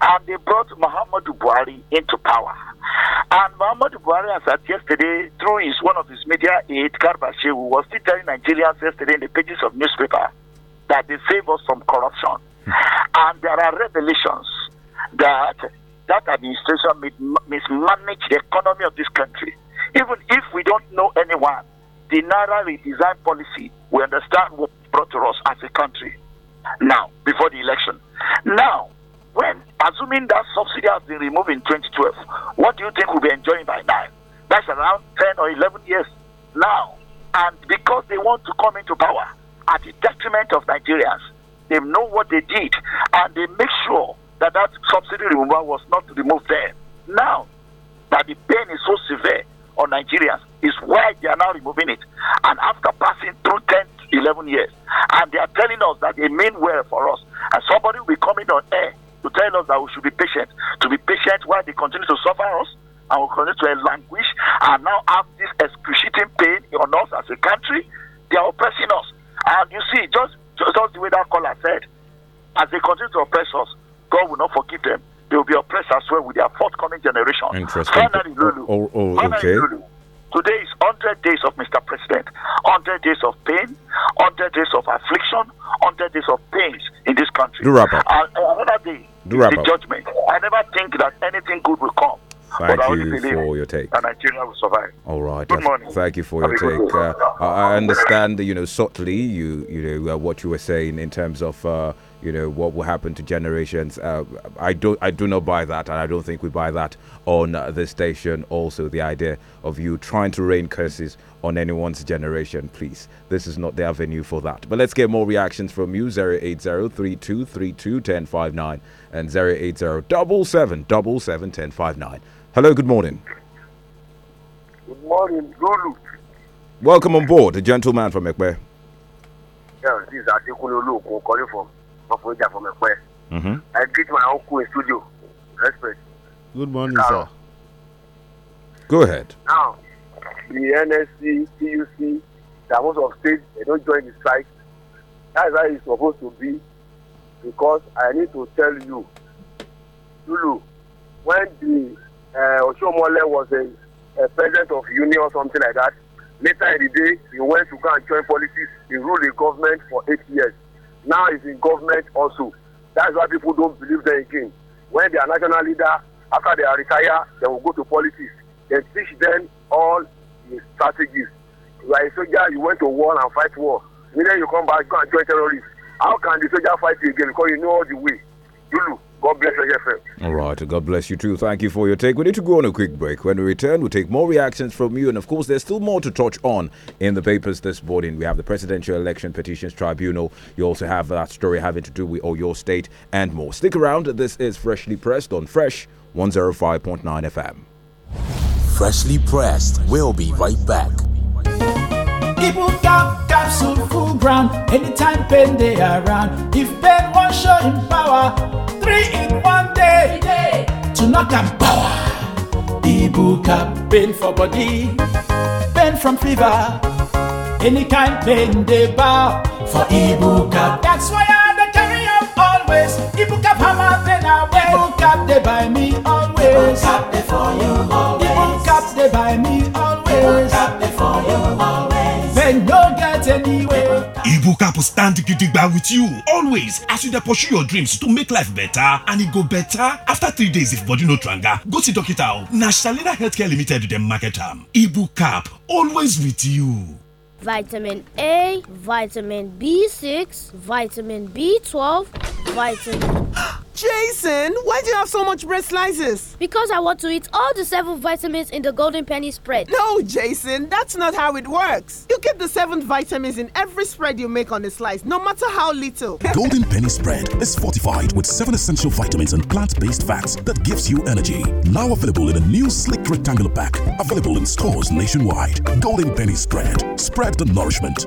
and they brought Muhammad Buhari into power. And Muhammad Buhari, has said yesterday, through his one of his media aides, Garba who was still telling Nigerians yesterday in the pages of newspaper that they save us from corruption. Hmm. and there are revelations that that administration mismanaged the economy of this country. Even if we don't know anyone, the Naira redesign policy, we understand what brought to us as a country now, before the election. Now, when Assuming that subsidy has been removed in 2012, what do you think we'll be enjoying by now? That's around 10 or 11 years now. And because they want to come into power at the detriment of Nigerians, they know what they did and they make sure that that subsidy removal was not removed there. Now that the pain is so severe on Nigerians is why they are now removing it. And after passing through 10, 11 years, and they are telling us that they mean well for us, and somebody will be coming on air to tell us that we should be patient, to be patient while they continue to suffer us and we continue to languish and now have this excruciating pain on us as a country. They are oppressing us. And you see, just, just, just the way that caller said, as they continue to oppress us, God will not forgive them. They will be oppressed as well with their forthcoming generation. Interesting. Finally, Lulu. Oh, oh, oh okay. Lulu. Today is 100 days of Mr. President, 100 days of pain, 100 days of affliction, 100 days of pains in this country. Do wrap up. Uh, another day, do wrap the up. judgment. I never think that anything good will come. Thank you for your take. And Nigeria will survive. All right. Good morning. Thank you for your take. Uh, I understand, you know, subtly, you you know uh, what you were saying in terms of. Uh, you know what will happen to generations. Uh, I don't, I do not buy that, and I don't think we buy that on uh, this station. Also, the idea of you trying to rain curses on anyone's generation, please. This is not the avenue for that. But let's get more reactions from you 08032321059 and 08077771059. Hello, good morning. Good morning, Lulu. Welcome on board, a gentleman from Ekwe. Yeah, this is Adekunle Olokun calling from Mafuja from Ekwe. Mm-hmm. I greet my uncle in studio. Respect. Good morning, sir. Go ahead. Now, the nsc tuc that most of states they don't join the strike that is how it's supposed to be because i need to tell you lulu when the uh, osomole was a, a president of union or something like that later in the day he went to go and join politics he ruled the government for eight years now he's in government also that's why people don't believe them again when they are national leader after they retire they will go to politics they teach them all Strategies. Like You are a soldier, you went to war and fight war. And then you come back, go and join terrorists. How can the soldier fight you again? Because you know all the way. Lulu, God bless your FM. All right, God bless you too. Thank you for your take. We need to go on a quick break. When we return, we'll take more reactions from you. And of course, there's still more to touch on in the papers this morning. We have the Presidential Election Petitions Tribunal. You also have that story having to do with all your state and more. Stick around. This is Freshly Pressed on Fresh 105.9 FM. Freshly pressed. We'll be right back. People cap capsule full ground anytime pain they around. If pain will show in power, three in one day, day. to knock them power. Ibu cap pain for body, pain from fever, any kind pain they bow for Ibu cap. That's why. I always. Even cap hammer then away. Even cap they by me always. Ibu cap they for you always. Ibu cap they by me always. Ibu cap they for you always. Then no get anywhere. Ibu cap will stand gidigba with you always as you dey pursue your dreams to make life better and e go better after three days if body no tranga go see dokita o na shalina healthcare limited dem market am. Ibu cap always with you. vitamin A, vitamin B6, vitamin B12, vitamin... Jason, why do you have so much bread slices? Because I want to eat all the seven vitamins in the golden penny spread. No, Jason, that's not how it works. You get the seven vitamins in every spread you make on a slice, no matter how little. golden penny spread is fortified with seven essential vitamins and plant-based fats that gives you energy. Now available in a new slick rectangular pack, available in stores nationwide. Golden penny spread. Spread the nourishment.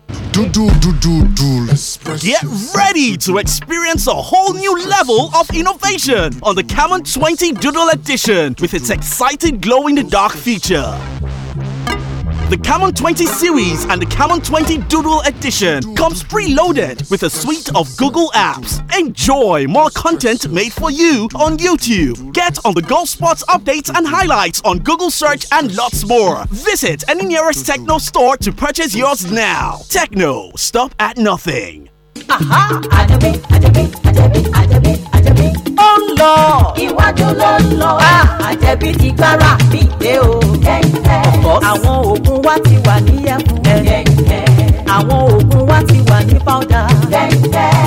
Do, do, do, Get ready to experience a whole new level of innovation on the Camon 20 Doodle Edition with its exciting glow in the dark feature. The Camon 20 series and the Camon 20 Doodle edition comes preloaded with a suite of Google apps. Enjoy more content made for you on YouTube. Get on the golf spots updates and highlights on Google search and lots more. Visit any nearest techno store to purchase yours now. Techno, stop at nothing. àjẹbí àjẹbí àjẹbí àjẹbí àjẹbí ó ń lọ iwájú ló ń lọ àjẹbí ah, ti gbára mi dé o àwọn oògùn wa ti wà ní ẹkùn àwọn oògùn wa ti wà ní powder.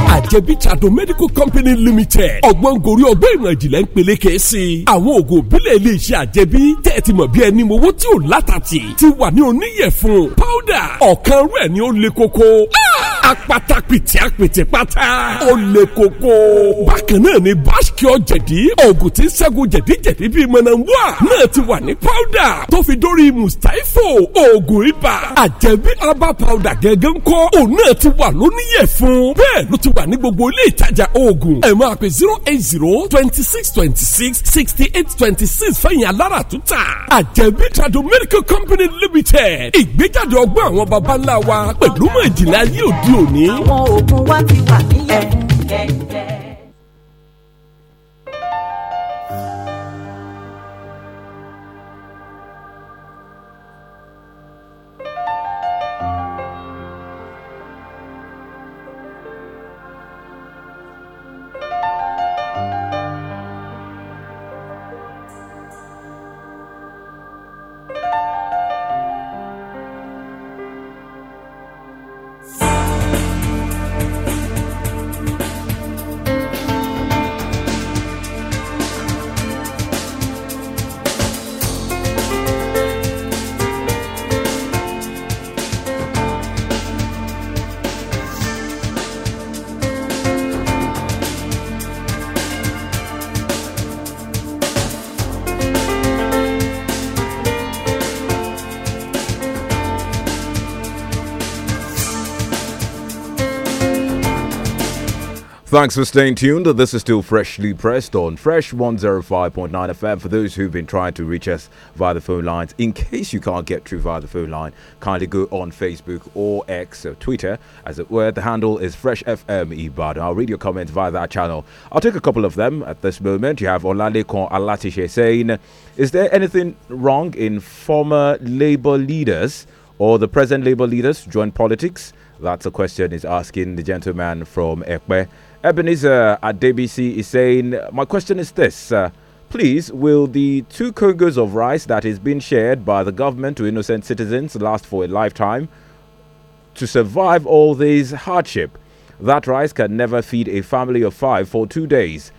àjẹbí trado medical company limited ọgbọ́n gorí ọgbẹ́ ìmọ̀ ìjìnlẹ̀ ń peléke sí i. àwọn oògùn òbílẹ̀ ilé iṣẹ́ àjẹbí tẹ̀ ti mọ̀ bí ẹni mowó tí ò látàtì ti wà ní oníyẹ̀fun powder ọ̀kan rẹ̀ ni ó le koko ah! apata pìtì apìtì pata. ó le koko. bákan náà ni báṣkì ọ̀jẹ̀dí oògùn tí ń ṣẹ́gun jẹ̀díjẹ̀dí bíi mọ̀nàmúà náà ti wà ní pọ́dà tó fi dórí mùsítáífò oògùn ibà àjẹbí herbal powder gẹ́gẹ́ ń kọ́ òun náà ti wà wà lóníyẹ̀ fún. bẹ́ẹ̀ ló ti wà ní gbogbo ilé ìtajà oògùn. ẹ máa pè zero eight zero twenty six twenty six sixty eight twenty six fẹ̀yìn alára tuta. àjẹbí trado medical company limited ìgbéjáde ọgbọ́n àwọn baba ńlá wa pẹ̀lú mọ̀ ìjìnlẹ̀ ayé òde òní. àwọn oògùn wa ti wà níyẹ̀ Thanks for staying tuned. This is still freshly pressed on Fresh 105.9 FM. For those who've been trying to reach us via the phone lines, in case you can't get through via the phone line, kindly go on Facebook or X or Twitter, as it were. The handle is Fresh FM Ibadan. I'll read your comments via that channel. I'll take a couple of them at this moment. You have Olalekon Alatiche saying, Is there anything wrong in former Labour leaders or the present Labour leaders join politics? That's a question he's asking the gentleman from Ekwe. Ebenezer at DBC is saying, My question is this. Uh, please, will the two Congos of rice that is being shared by the government to innocent citizens last for a lifetime to survive all this hardship? That rice can never feed a family of five for two days.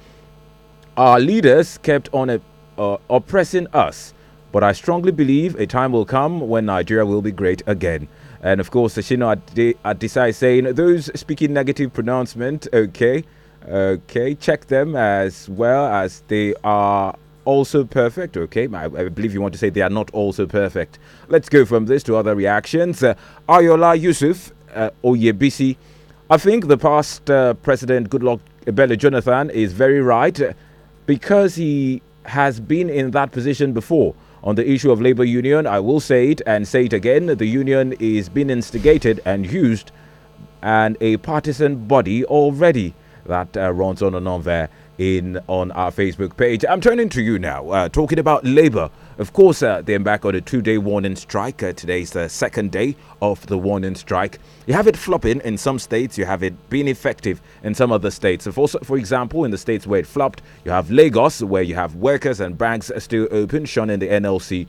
Our leaders kept on a, uh, oppressing us, but I strongly believe a time will come when Nigeria will be great again. And of course, Shino Adisai saying, those speaking negative pronouncement, okay, okay, check them as well as they are also perfect, okay? I, I believe you want to say they are not also perfect. Let's go from this to other reactions. Uh, Ayola Yusuf uh, Oyebisi, I think the past uh, president, Goodluck Ebele Jonathan, is very right because he has been in that position before. On the issue of labor union, I will say it and say it again. The union is being instigated and used and a partisan body already that uh, runs on and on there in on our Facebook page. I'm turning to you now, uh, talking about labor of course, uh, they're back on a two day warning strike. Uh, today's the second day of the warning strike. You have it flopping in some states, you have it being effective in some other states. For, for example, in the states where it flopped, you have Lagos, where you have workers and banks still open, Shown in the NLC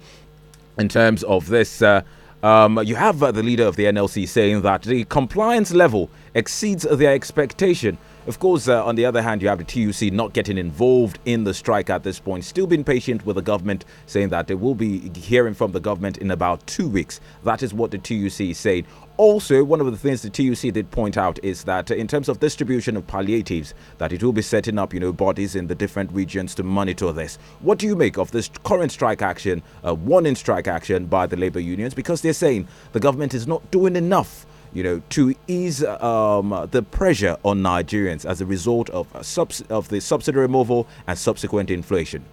in terms of this. Uh, um, you have uh, the leader of the NLC saying that the compliance level exceeds their expectation. Of course, uh, on the other hand, you have the TUC not getting involved in the strike at this point, still being patient with the government, saying that they will be hearing from the government in about two weeks. That is what the TUC is saying. Also, one of the things the TUC did point out is that uh, in terms of distribution of palliatives, that it will be setting up, you know, bodies in the different regions to monitor this. What do you make of this current strike action, uh, warning strike action by the labor unions? Because they're saying the government is not doing enough you know, to ease um, the pressure on Nigerians as a result of, uh, subs of the subsidy removal and subsequent inflation?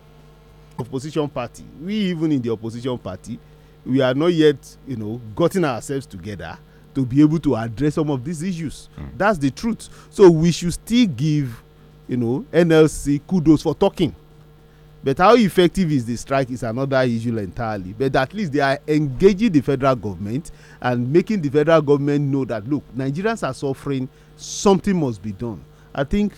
Opposition party. We, even in the opposition party, we are not yet, you know, gotten ourselves together to be able to address some of these issues. Mm. That's the truth. So we should still give, you know, NLC kudos for talking But how effective is the strike is another issue entirely. But at least they are engaging the federal government and making the federal government know that look, Nigerians are suffering, something must be done. I think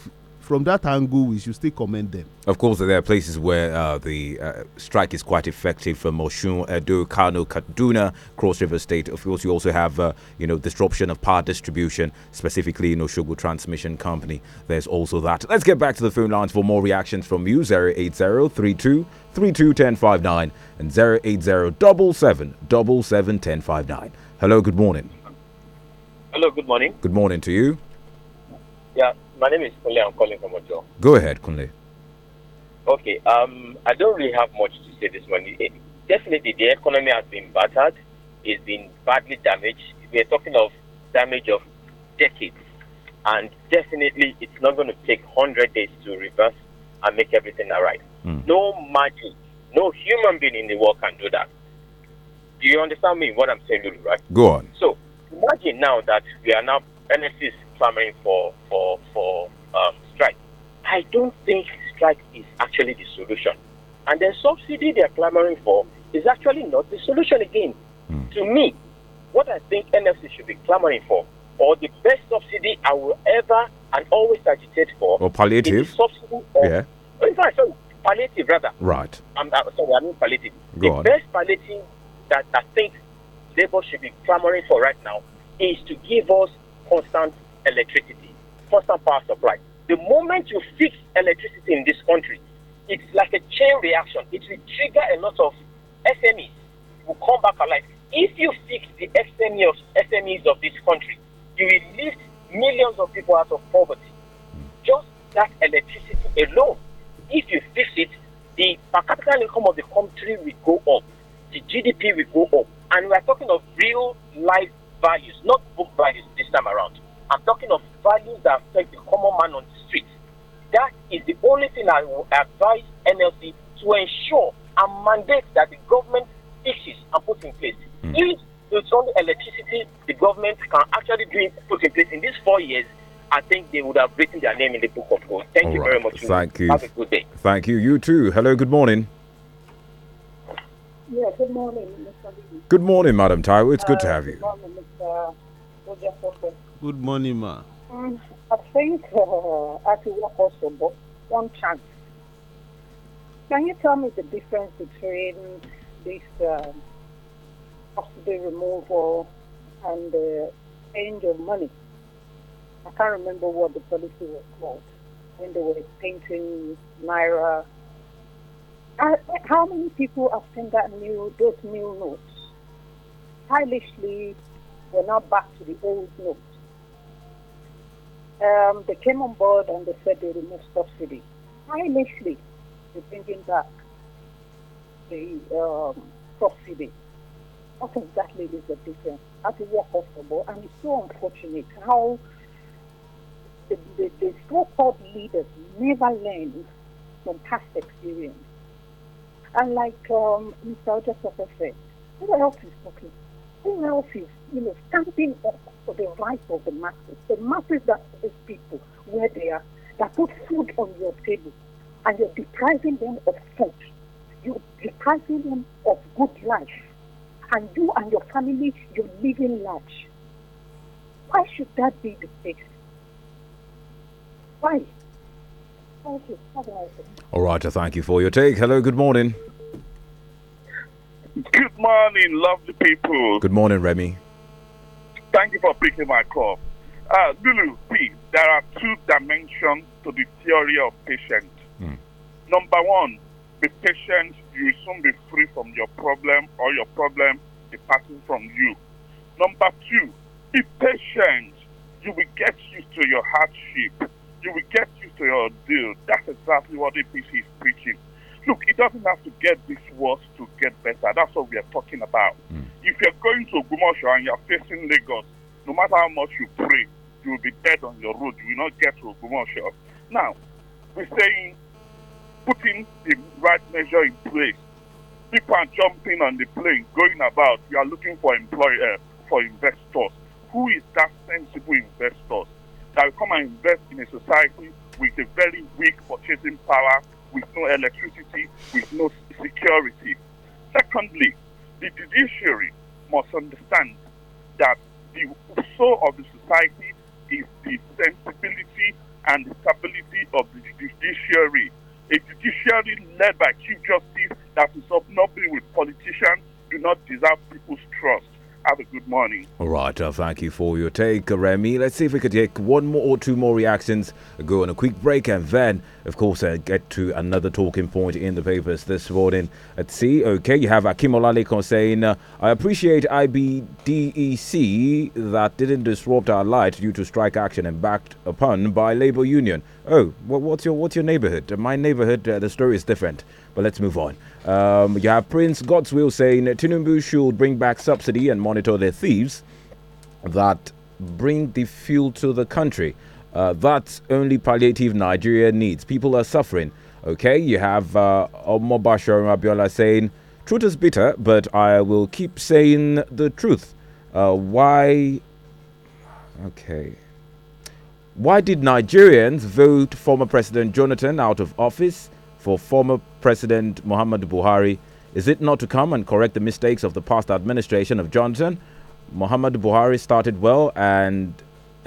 from that angle, we should still commend them. Of course, there are places where uh, the uh, strike is quite effective from Moshun, Edo, Kano, Kaduna, Cross River State. Of course, you also have uh, you know disruption of power distribution, specifically in Oshogo Transmission Company. There's also that. Let's get back to the phone lines for more reactions from you 08032 321059 and 08077771059. Hello, good morning. Hello, good morning. Good morning to you. Yeah, my name is Kunle. I'm calling from Ojo. Go ahead, Kunle. Okay. Um, I don't really have much to say this morning. It, eh, definitely, the economy has been battered. It's been badly damaged. We are talking of damage of decades, and definitely, it's not going to take hundred days to reverse and make everything alright. Mm. No magic. No human being in the world can do that. Do you understand me? What I'm saying, Lulu, right? Go on. So imagine now that we are now NSC clamoring for for for um, strike. I don't think strike is actually the solution. And the subsidy they're clamoring for is actually not the solution again. Mm. To me, what I think NFC should be clamoring for, or the best subsidy I will ever and always agitate for, or palliative subsidy. Of, yeah. Oh, in fact, sorry, palliative rather. Right. I'm uh, sorry, I mean palliative. Go the on. best palliative that I think Labour should be clamoring for right now is to give us constant electricity, fossil power supply. The moment you fix electricity in this country, it's like a chain reaction. It will trigger a lot of SMEs will come back alive. If you fix the SME of, SMEs of this country, you will lift millions of people out of poverty. Just that electricity alone. If you fix it, the per capita income of the country will go up, the GDP will go up, and we are talking of real life values, not book values this time around. I'm talking of values that affect the common man on the street. That is the only thing I will advise NLC to ensure and mandate that the government fixes and puts in place. Mm. If it's only electricity, the government can actually do it, put in place in these four years. I think they would have written their name in the book of God. Thank All you right. very much. Thank you. Have a good day. Thank you. You too. Hello. Good morning. Yeah, good morning, Mr. Lee. Good morning, Madam Taiwo. It's uh, good to uh, have you. morning, Mr. Good morning, ma. Um, I think uh, I can work also, but one chance. Can you tell me the difference between this uh, removal and the change of money? I can't remember what the policy was called when they were painting Naira. how many people have seen that new, those new notes? Stylishly, we're now back to the old notes. Um, they came on board and they said they removed subsidy. Tirelessly, they're bringing back the um, subsidy. What exactly is the difference? As is not possible, and it's so unfortunate how the, the, the so-called leaders never learn from past experience. And like um, Mr. Ojasope said, who else is talking? Who else is, you know, standing up for the rights of the masses, the masses that these people where they are, that put food on your table, and you're depriving them of food, you're depriving them of good life, and you and your family, you're living large. Why should that be the case? Why? Thank you. Have a nice day. All right, I thank you for your take. Hello, good morning. Good morning, lovely people. Good morning, Remy. Thank you for picking my call. Uh, Lulu, P, there are two dimensions to the theory of patience. Mm. Number one, be patient, you will soon be free from your problem or your problem departing from you. Number two, be patient, you will get used to your hardship. You will get used to your deal. That's exactly what APC is preaching. Look, it doesn't have to get this worse to get better. That's what we are talking about. Mm. If you're going to Ogumosho and you're facing Lagos, no matter how much you pray, you will be dead on your road. You will not get to Ogumosho. Now, we're saying putting the right measure in place. People are jumping on the plane, going about. We are looking for employer, uh, for investors. Who is that sensible investors that will come and invest in a society with a very weak purchasing power with no electricity, with no security. Secondly, the judiciary must understand that the soul of the society is the sensibility and the stability of the judiciary. A judiciary led by Chief Justice that is up morning. All right, uh, thank you for your take, uh, Remy. Let's see if we could take one more or two more reactions, go on a quick break, and then, of course, uh, get to another talking point in the papers this morning. Let's see. Okay, you have Akim saying, uh, I appreciate IBDEC that didn't disrupt our light due to strike action and backed upon by Labour Union. Oh, well, what's your what's your neighbourhood? My neighbourhood, uh, the story is different, but let's move on. Um, you have Prince God's Will saying Tinubu should bring back subsidy and monitor the thieves that bring the fuel to the country. Uh, that's only palliative Nigeria needs. People are suffering. Okay, you have uh, Omobasho Rabiola saying, Truth is bitter, but I will keep saying the truth. Uh, why? Okay. Why did Nigerians vote former President Jonathan out of office? for former President Muhammad Buhari is it not to come and correct the mistakes of the past administration of Johnson? Muhammad Buhari started well and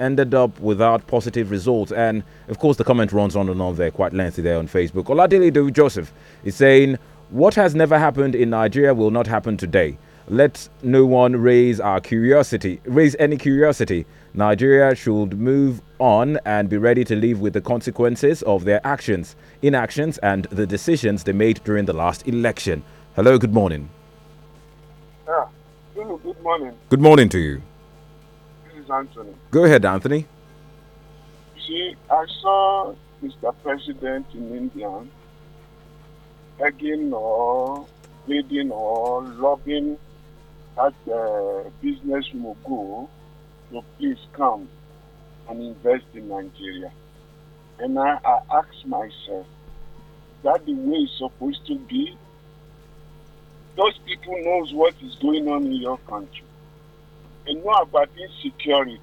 ended up without positive results. And of course, the comment runs on and on there, quite lengthy there on Facebook. Oladili Do Joseph is saying, What has never happened in Nigeria will not happen today. Let no one raise our curiosity, raise any curiosity. Nigeria should move on and be ready to live with the consequences of their actions, inactions, and the decisions they made during the last election. Hello, good morning. Yeah. Good morning. Good morning to you. This is Anthony. Go ahead, Anthony. see, I saw Mr. President in India begging or pleading or lobbying that uh, business mogul to please come and invest in Nigeria. And I, I ask myself, that the way it's supposed to be? Those people knows what is going on in your country. They know about insecurity.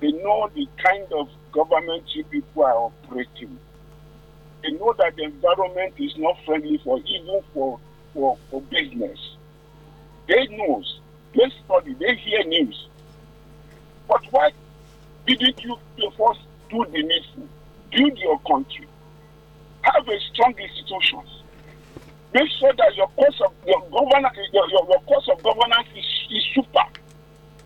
They know the kind of government you people are operating. They know that the environment is not friendly for even for for, for business. They knows. They study. They hear news. But why didn't you first do the needful? Build your country. Have a strong institutions. Make sure that your course of your governance, your, your, your course of governance is, is super.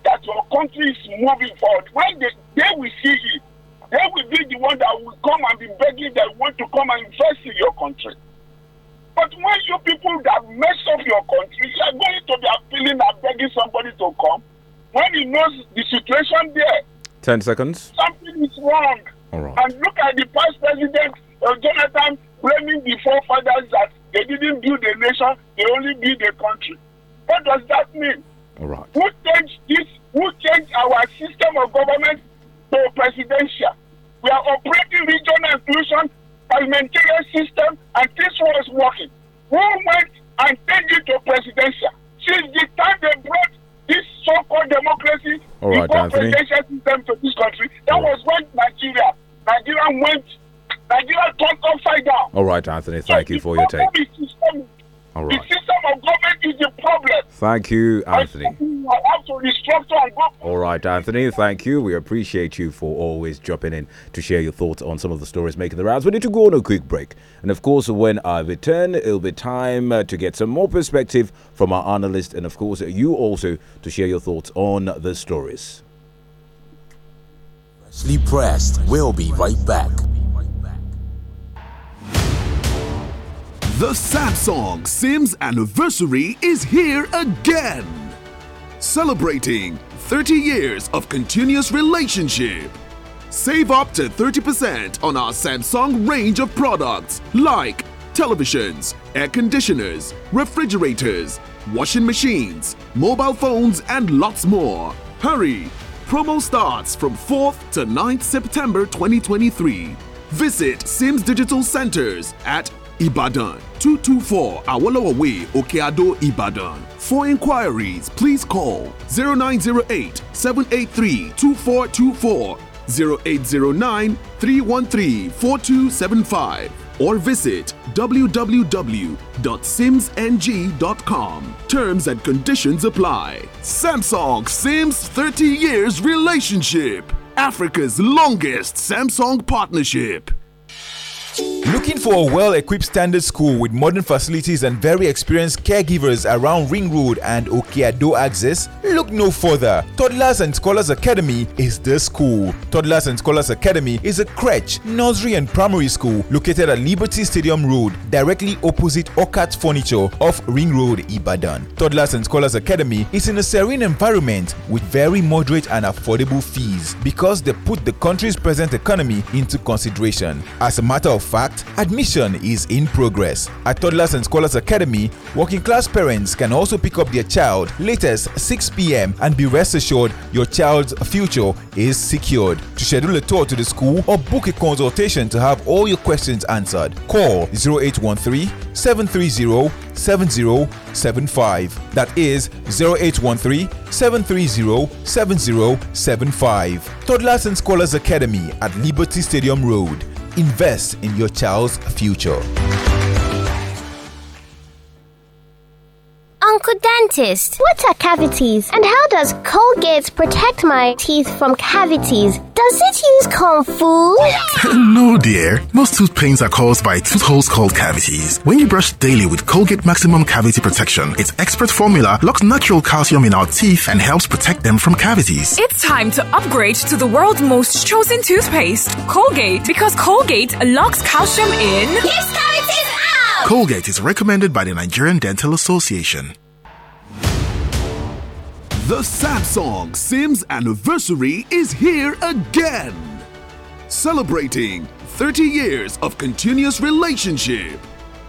That your country is moving forward. When they, they will see it, they will be the one that will come and be begging that want to come and invest in your country. But when you people that mess up your country, you are going to be appealing and begging somebody to come. When he knows the situation there, Ten seconds. Something is wrong. All right. And look at the past president of uh, Jonathan blaming the forefathers that they didn't build a nation, they only build a country. What does that mean? All right. Who changed this? Who changed our system of government to presidential? We are operating regional inclusion, parliamentarian system, and this was working. Who went and changed it to presidential? Since the time they brought this so-called democracy, All right, the presidential system to this country. That was when Nigeria, Nigeria went, Nigeria turned upside down. All right, Anthony, thank so you for your take. All right. The system of government is the problem. Thank you, Anthony. All right, Anthony, thank you. We appreciate you for always dropping in to share your thoughts on some of the stories making the rounds. We need to go on a quick break. And of course, when I return, it'll be time uh, to get some more perspective from our analyst and, of course, you also to share your thoughts on the stories. Sleep pressed. We'll be right back. The Samsung Sims anniversary is here again. Celebrating 30 years of continuous relationship. Save up to 30% on our Samsung range of products like televisions, air conditioners, refrigerators, washing machines, mobile phones, and lots more. Hurry! Promo starts from 4th to 9th September 2023. Visit Sims Digital Centers at Ibadan, 224 Awolowo Way, Okeado, Ibadan. For inquiries, please call 0908 783 2424, 0809 313 4275, or visit www.simsng.com. Terms and conditions apply. Samsung Sims 30 Years Relationship, Africa's longest Samsung partnership. Looking for a well equipped standard school with modern facilities and very experienced caregivers around Ring Road and Okeado access? Look no further. Toddlers and Scholars Academy is the school. Toddlers and Scholars Academy is a crèche, nursery, and primary school located at Liberty Stadium Road, directly opposite Okat Furniture off Ring Road, Ibadan. Toddlers and Scholars Academy is in a serene environment with very moderate and affordable fees because they put the country's present economy into consideration. As a matter of fact, admission is in progress. At Toddlers and Scholars Academy, working class parents can also pick up their child latest 6 p.m. and be rest assured your child's future is secured. To schedule a tour to the school or book a consultation to have all your questions answered, call 0813 730 7075. That is 0813 730 7075. Toddlers and Scholars Academy at Liberty Stadium Road. Invest in your child's future. Uncle Dentist, what are cavities and how does Colgate protect my teeth from cavities? Does it use cold no, dear. Most tooth pains are caused by tooth holes called cavities. When you brush daily with Colgate Maximum Cavity Protection, its expert formula locks natural calcium in our teeth and helps protect them from cavities. It's time to upgrade to the world's most chosen toothpaste, Colgate, because Colgate locks calcium in. Yes, cavities out! Colgate is recommended by the Nigerian Dental Association. The Samsung Sims anniversary is here again. Celebrating 30 years of continuous relationship.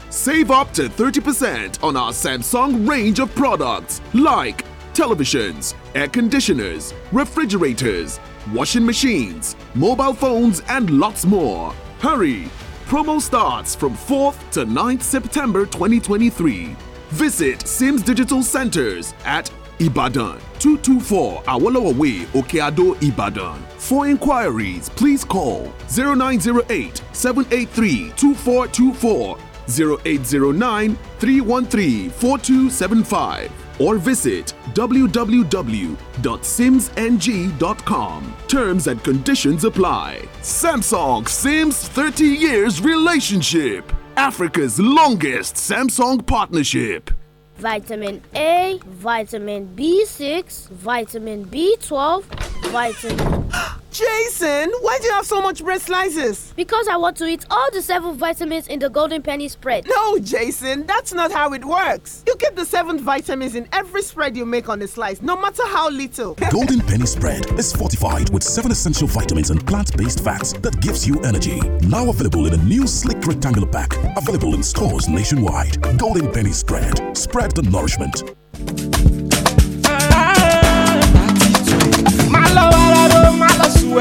Save up to 30% on our Samsung range of products like televisions, air conditioners, refrigerators, washing machines, mobile phones, and lots more. Hurry! Promo starts from 4th to 9th September 2023. Visit Sims Digital Centers at Ibadan, 224 Awolowo Way, Okeado, Ibadan. For inquiries, please call 0908 783 2424, 0809 313 4275, or visit www.simsng.com. Terms and conditions apply. Samsung Sims 30 Years Relationship, Africa's longest Samsung partnership vitamin A, vitamin B6, vitamin B12, vitamin. Jason, why do you have so much bread slices? Because I want to eat all the seven vitamins in the golden penny spread. No, Jason, that's not how it works. You get the seven vitamins in every spread you make on a slice, no matter how little. golden penny spread is fortified with seven essential vitamins and plant-based fats that gives you energy. Now available in a new sleek rectangular pack, available in stores nationwide. Golden penny spread. Spread the nourishment.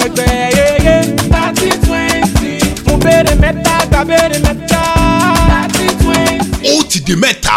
ẹgbẹ́ yeye. thirty twenty. mo béèrè mẹ́ta gba béèrè mẹ́ta. thirty twenty. ó ti di mẹ́ta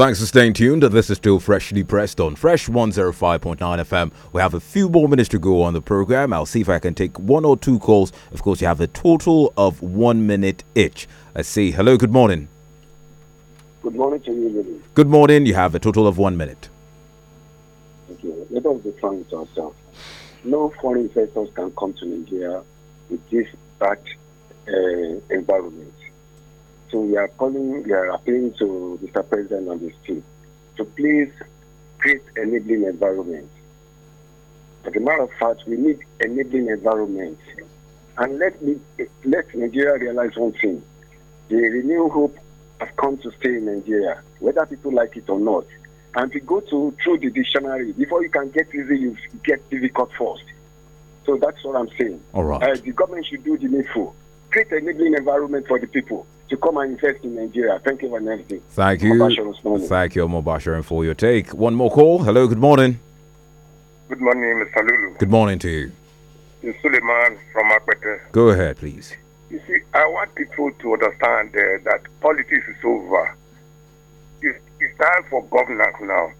Thanks for staying tuned. This is still freshly pressed on Fresh 105.9 FM. We have a few more minutes to go on the program. I'll see if I can take one or two calls. Of course, you have a total of one minute each. I see. Hello, good morning. Good morning to you, Lily. Good morning. You have a total of one minute. Thank you. Let us be frank with ourselves. No foreign investors can come to Nigeria with this bad uh, environment so we are calling, we are appealing to Mr. President and this team to please create enabling environment. As a matter of fact, we need enabling environment. And let me let Nigeria realize one thing. The renewed hope has come to stay in Nigeria, whether people like it or not. And if you go to through the dictionary, before you can get easy, you get difficult first. So that's what I'm saying. All right. Uh, the government should do the needful create a enabling environment for the people to come and invest in Nigeria. Thank you for nice day. Thank you. Thank you, and for your take. One more call. Hello, good morning. Good morning, Mr. Lulu. Good morning to you. It's Suleiman from Akwete. Go ahead, please. You see, I want people to understand uh, that politics is over. It's, it's time for governance now.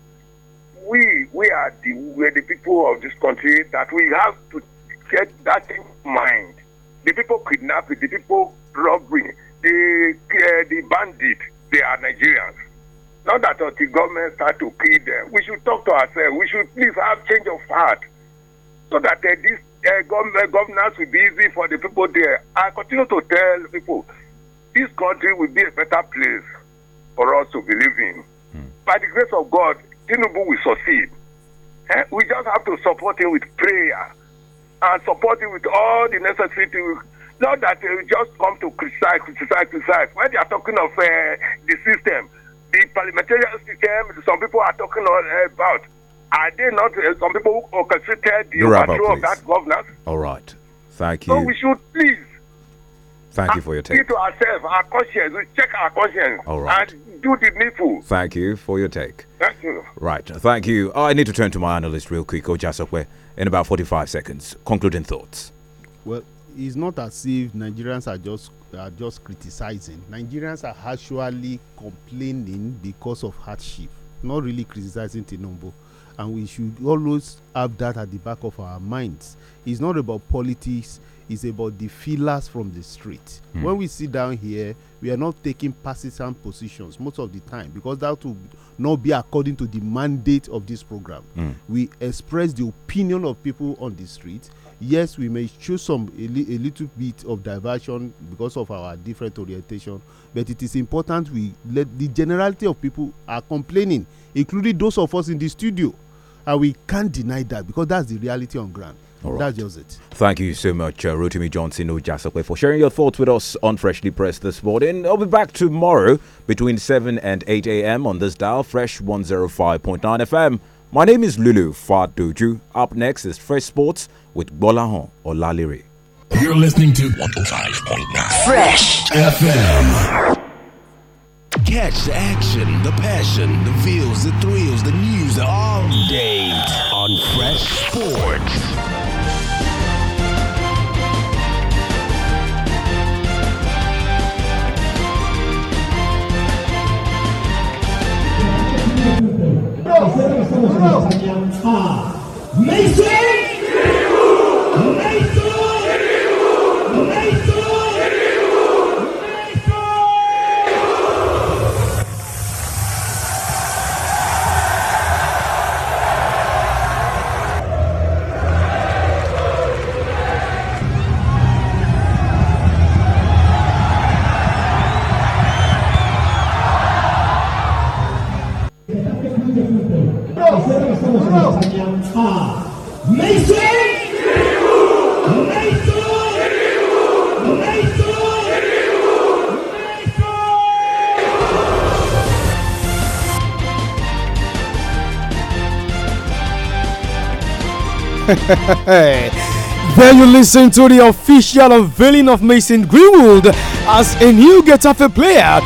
We we are the we are the people of this country that we have to get that in mind the people kidnapping, the people robbing, the, uh, the bandits they are Nigerians. Not that the government start to kill them. We should talk to ourselves. We should please have change of heart so that uh, this uh, eh, government, governance will be easy for the people there. I continue to tell people this country will be a better place for us to believe in. Mm. By the grace of God, Tinubu will succeed. Eh? We just have to support him with prayer and support you with all the necessary things. Not that they just come to criticize, criticize, criticize. When they are talking of uh, the system, the parliamentarian system, some people are talking uh, about, are they not uh, some people who orchestrated the You're overthrow of that governance? All right. Thank you. So we should please Thank you for your take. to ourselves, our conscience. We check our conscience. All right. And do the needful. Thank you for your take. Thank you. Right. Thank you. Oh, I need to turn to my analyst real quick, Ojasokwe, in about 45 seconds. Concluding thoughts. Well, it's not as if Nigerians are just are just criticizing. Nigerians are actually complaining because of hardship, not really criticizing Tinubu. And we should always have that at the back of our minds. It's not about politics is about the fillers from the street. Mm. When we sit down here, we are not taking partisan positions most of the time because that will not be according to the mandate of this program. Mm. We express the opinion of people on the street. Yes, we may choose some a, li a little bit of diversion because of our different orientation, but it is important we let the generality of people are complaining, including those of us in the studio, and we can't deny that because that's the reality on ground. All right. That just it. Thank you so much, uh, Rotimi Johnson Ojasope, for sharing your thoughts with us on Freshly Pressed this morning. I'll be back tomorrow between 7 and 8 a.m. on this dial, Fresh 105.9 FM. My name is Lulu Fadoju. Up next is Fresh Sports with Bolahon Olalire. You're listening to 105.9 Fresh FM. Catch the action, the passion, the feels, the thrills, the news all day on Fresh Sports. 我宣布，我们将唱梅西。then you listen to the official unveiling of Mason Greenwood as a new Getafe player.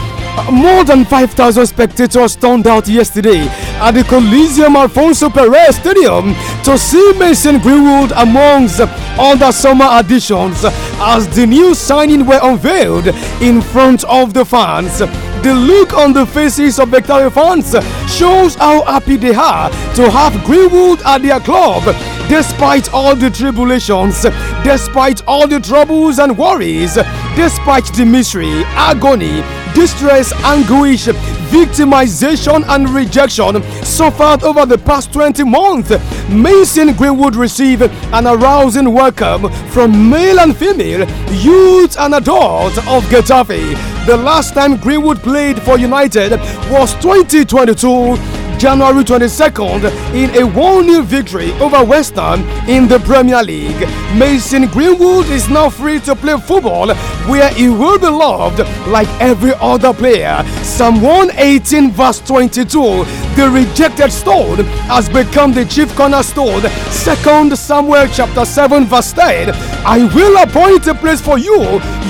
More than 5,000 spectators turned out yesterday at the Coliseum Alfonso Perez Stadium to see Mason Greenwood amongst other summer additions as the new signing were unveiled in front of the fans. The look on the faces of Victoria fans shows how happy they are to have Greenwood at their club despite all the tribulations, despite all the troubles and worries, despite the misery, agony, distress, anguish, victimization, and rejection suffered over the past 20 months, Mason Greenwood received an arousing welcome from male and female, youth and adults of Getafe. The last time Greenwood played for United was 2022 January 22nd in a 1 0 victory over West Ham in the Premier League. Mason Greenwood is now free to play football where he will be loved like every other player. Psalm 118, verse 22 The rejected stone has become the chief cornerstone. Second Samuel chapter 7, verse 10 I will appoint a place for you.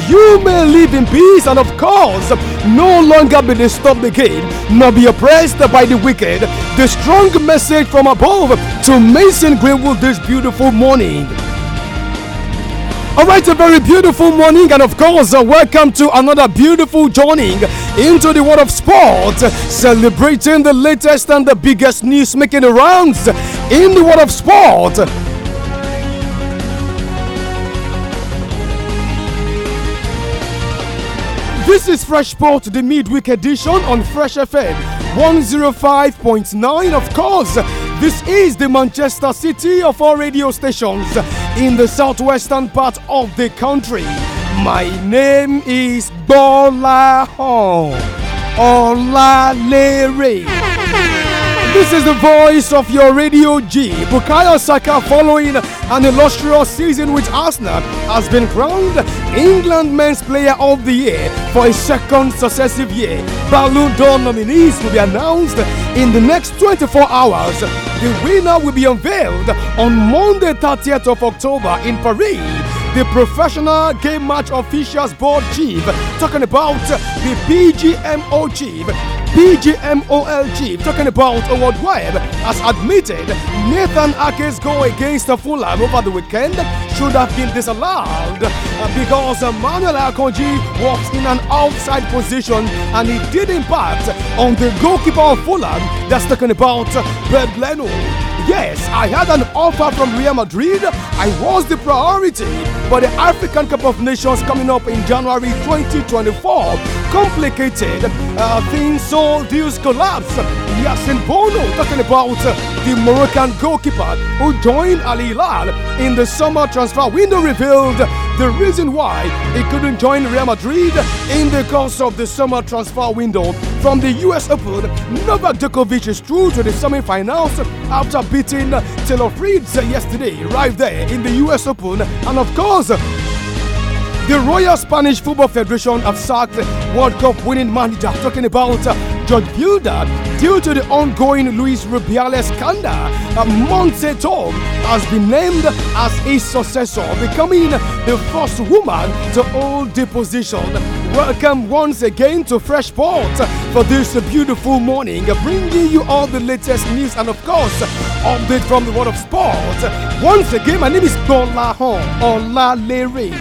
You may live in peace and, of course, no longer be disturbed again, nor be oppressed by the wicked said, the strong message from above to Mason Greenwood this beautiful morning. All right, a very beautiful morning, and of course, uh, welcome to another beautiful joining into the world of sport, celebrating the latest and the biggest news making rounds in the world of sport. This is Freshport, the midweek edition on Fresh FM 105.9. Of course, this is the Manchester City of our radio stations in the southwestern part of the country. My name is Bola Hon Olalere. This is the voice of your Radio G. Bukayo Saka, following an illustrious season with Arsenal, has been crowned England Men's Player of the Year for a second successive year. Ballon d'Or nominees will be announced in the next 24 hours. The winner will be unveiled on Monday, 30th of October in Paris. The Professional Game Match Officials Board Chief talking about the PGMO Chief PGMOL talking about Howard Webb has admitted Nathan Ake's goal against Fulham over the weekend should have been disallowed uh, because uh, Manuel Akonji was in an outside position and he did impact on the goalkeeper of Fulham that's talking about Brad uh, Leno. Yes, I had an offer from Real Madrid. I was the priority for the African Cup of Nations coming up in January 2024 complicated uh, things all deals collapse. Yes, and Bono talking about the Moroccan goalkeeper who joined Al Hilal in the summer transfer window revealed the reason why he couldn't join Real Madrid in the course of the summer transfer window from the US Open. Novak Djokovic is through to the semi-finals after beating Taylor Fritz yesterday right there in the US Open and of course the Royal Spanish Football Federation have sacked World Cup winning manager, talking about George uh, Builder, due to the ongoing Luis Rubiales scandal. Uh, Montserrat has been named as his successor, becoming the first woman to hold the position. Welcome once again to Fresh Sports for this beautiful morning, bringing you all the latest news and, of course, update from the world of sport. Once again, my name is Don Lahon, or La Leary.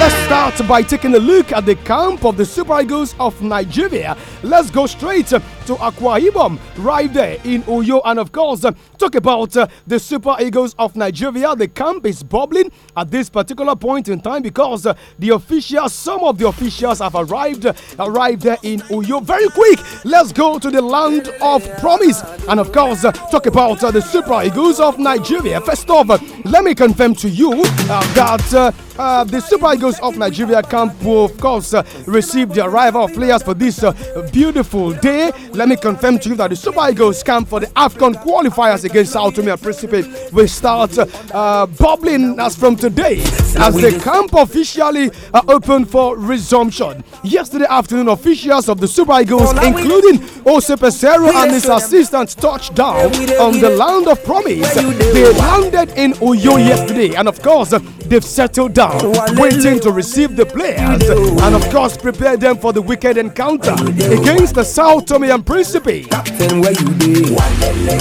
Let's start by taking a look at the camp of the Super Eagles of Nigeria. Let's go straight to Akwa Ibom, right there in Uyo. And of course, talk about uh, the Super Eagles of Nigeria. The camp is bubbling at this particular point in time because uh, the officials, some of the officials have arrived, uh, arrived there in Uyo. Very quick, let's go to the land of promise. And of course, talk about the Super Eagles of Nigeria. First off, let me confirm to you that uh, the Super Eagles Eagles of Nigeria camp will, of course, uh, receive the arrival of players for this uh, beautiful day. Let me confirm to you that the Super Eagles camp for the AFCON qualifiers against Sao Tome Principe will start uh, bubbling as from today as the camp officially uh, opened for resumption. Yesterday afternoon, officials of the Super Eagles, oh, including Jose Pesero and his assistant, touched down on the land of promise. They landed in Oyo yesterday, and of course, They've settled down, waiting to receive the players and, of course, prepare them for the wicked encounter against the South Tome and Principe.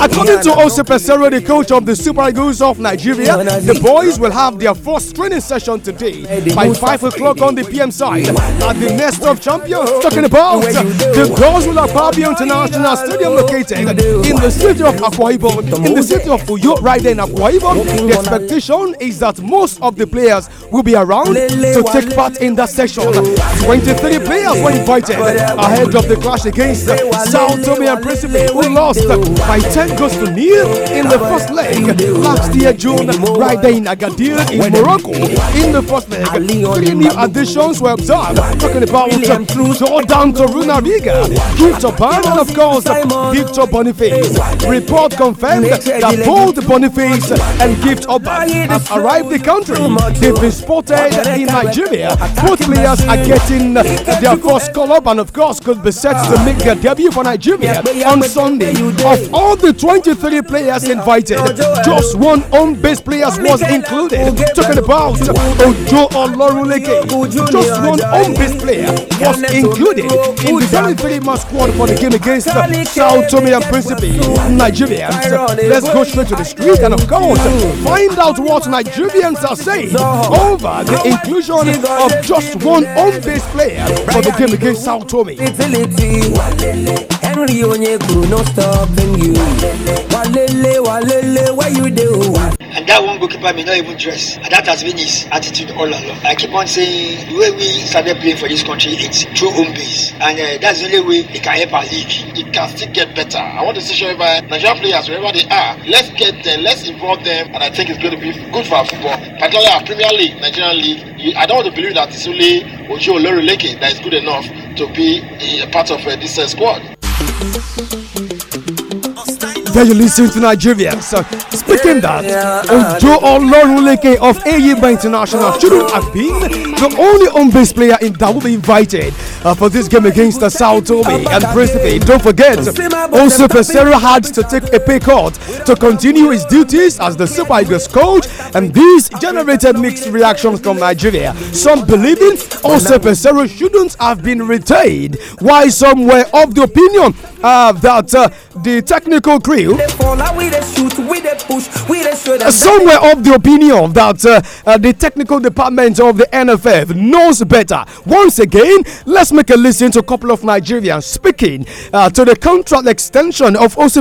According to Ose Pesero, the coach of the Super Eagles of Nigeria, the boys will have their first training session today by 5 o'clock on the PM side at the Nest of Champions. Talking about the girls will have Fabio International Stadium located in the city of Akwa Ibom, in the city of Uyo, right there in Akwa Ibom. The expectation is that most of the players will be around to take part in that section. 23 players were invited ahead of the clash against Sao Tome and Principe, who lost by 10 goals to nil in the first leg last year June, right there in Agadir in Morocco. In the first leg, three new additions were observed. Talking about Jordan Toruna Riga, Victor Ban, and of course, Victor Boniface. Report confirmed that both Boniface and Gift Oban have arrived the country they've been spotted in Nigeria. Both players are getting their first call up, and of course, could be set to make their debut for Nigeria on Sunday. Of all the 23 players invited, just one on base player was included. Talking about Ojo Olorunleke, just one on base player was included in the 23 man squad for the game against Sao Tome and Principe, Nigerians. Let's go straight to the street and, of course, find out what Nigerians are saying over the inclusion of just one on base player for the game against Sao Tome. no stopping you. And that one goalkeeper may not even dress. And that has been his attitude all along. I keep on saying the way we started playing for this country, it's through home base. And uh, that's the only way it can help our league. It can still get better. I want to see sure uh, Nigerian players, wherever they are, let's get them, let's involve them. And I think it's going to be good for our football. Particularly Nigeria Premier League, Nigerian League, you, I don't want to believe that it's only Ojo Oloreleke that is good enough to be a, part of uh, this uh, squad. that you listen to Nigeria. So, speaking that, Ojo Olorunleke of Ayimba International shouldn't have been the only home base player in that will be invited uh, for this game against the Sao Tome and Principe. Don't forget, also Pesero had to take a pay cut to continue his duties as the Super Eagles coach, and this generated mixed reactions from Nigeria. Some believing also Pesero shouldn't have been retained, while some were of the opinion uh, that uh, the technical crew real. Somewhere of the opinion that uh, uh, the technical department of the NFF knows better. Once again, let's make a listen to a couple of Nigerians speaking uh, to the contract extension of Osu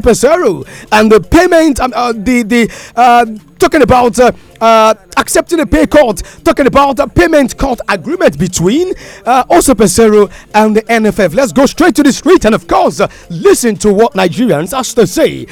and the payment, um, uh, the the uh, talking about. Uh, uh, accepting a pay cut, talking about a payment cut agreement between uh, Oso Pesero and the NFF. Let's go straight to the street and, of course, uh, listen to what Nigerians have to say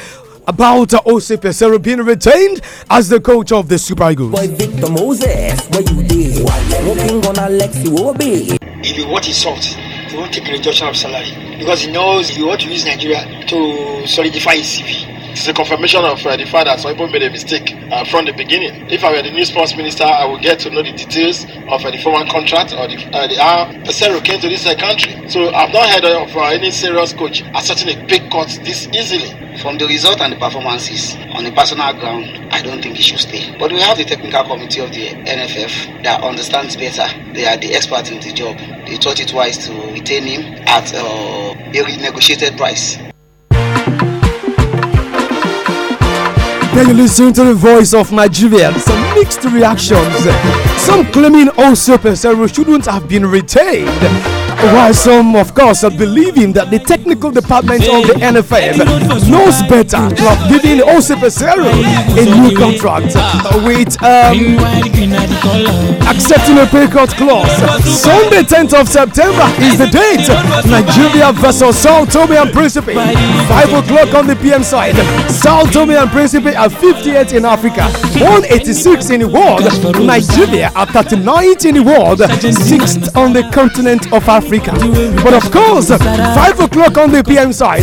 about uh, Ose Pesero being retained as the coach of the Super Eagles. Boy, Victor Moses, where you did? Walking on Alexi Wobe. If you want insult, you won't take a reduction of salary because he knows you want to use Nigeria to solidify his CV. It's a confirmation of uh, the fact that some people made a mistake uh, from the beginning. If I were the new sports minister, I would get to know the details of uh, the former contract or the, uh, the how Pesero came to this uh, country. So I've not heard of uh, any serious coach asserting a big cut this easily. From the result and the performances on the personal ground, I don't think he should stay. But we have the technical committee of the NFF that understands better. They are the experts in the job. They thought it wise to retain him at uh, a renegotiated price. Then you listen to the voice of Nigeria. Some mixed reactions. Some claiming all superheroes shouldn't have been retained. While some, of course, are believing that the technical department of the NFL knows better, giving Jose Pesero a new contract with um, accepting a pay cut clause. Sunday, 10th of September is the date. Nigeria versus Sao Tome and Principe. 5 o'clock on the PM side. Sao Tome and Principe are 58 in Africa, 186 in the world. Nigeria are 39th in the world, 6th on the continent of Africa. Africa. But of course, 5 o'clock on the PM side,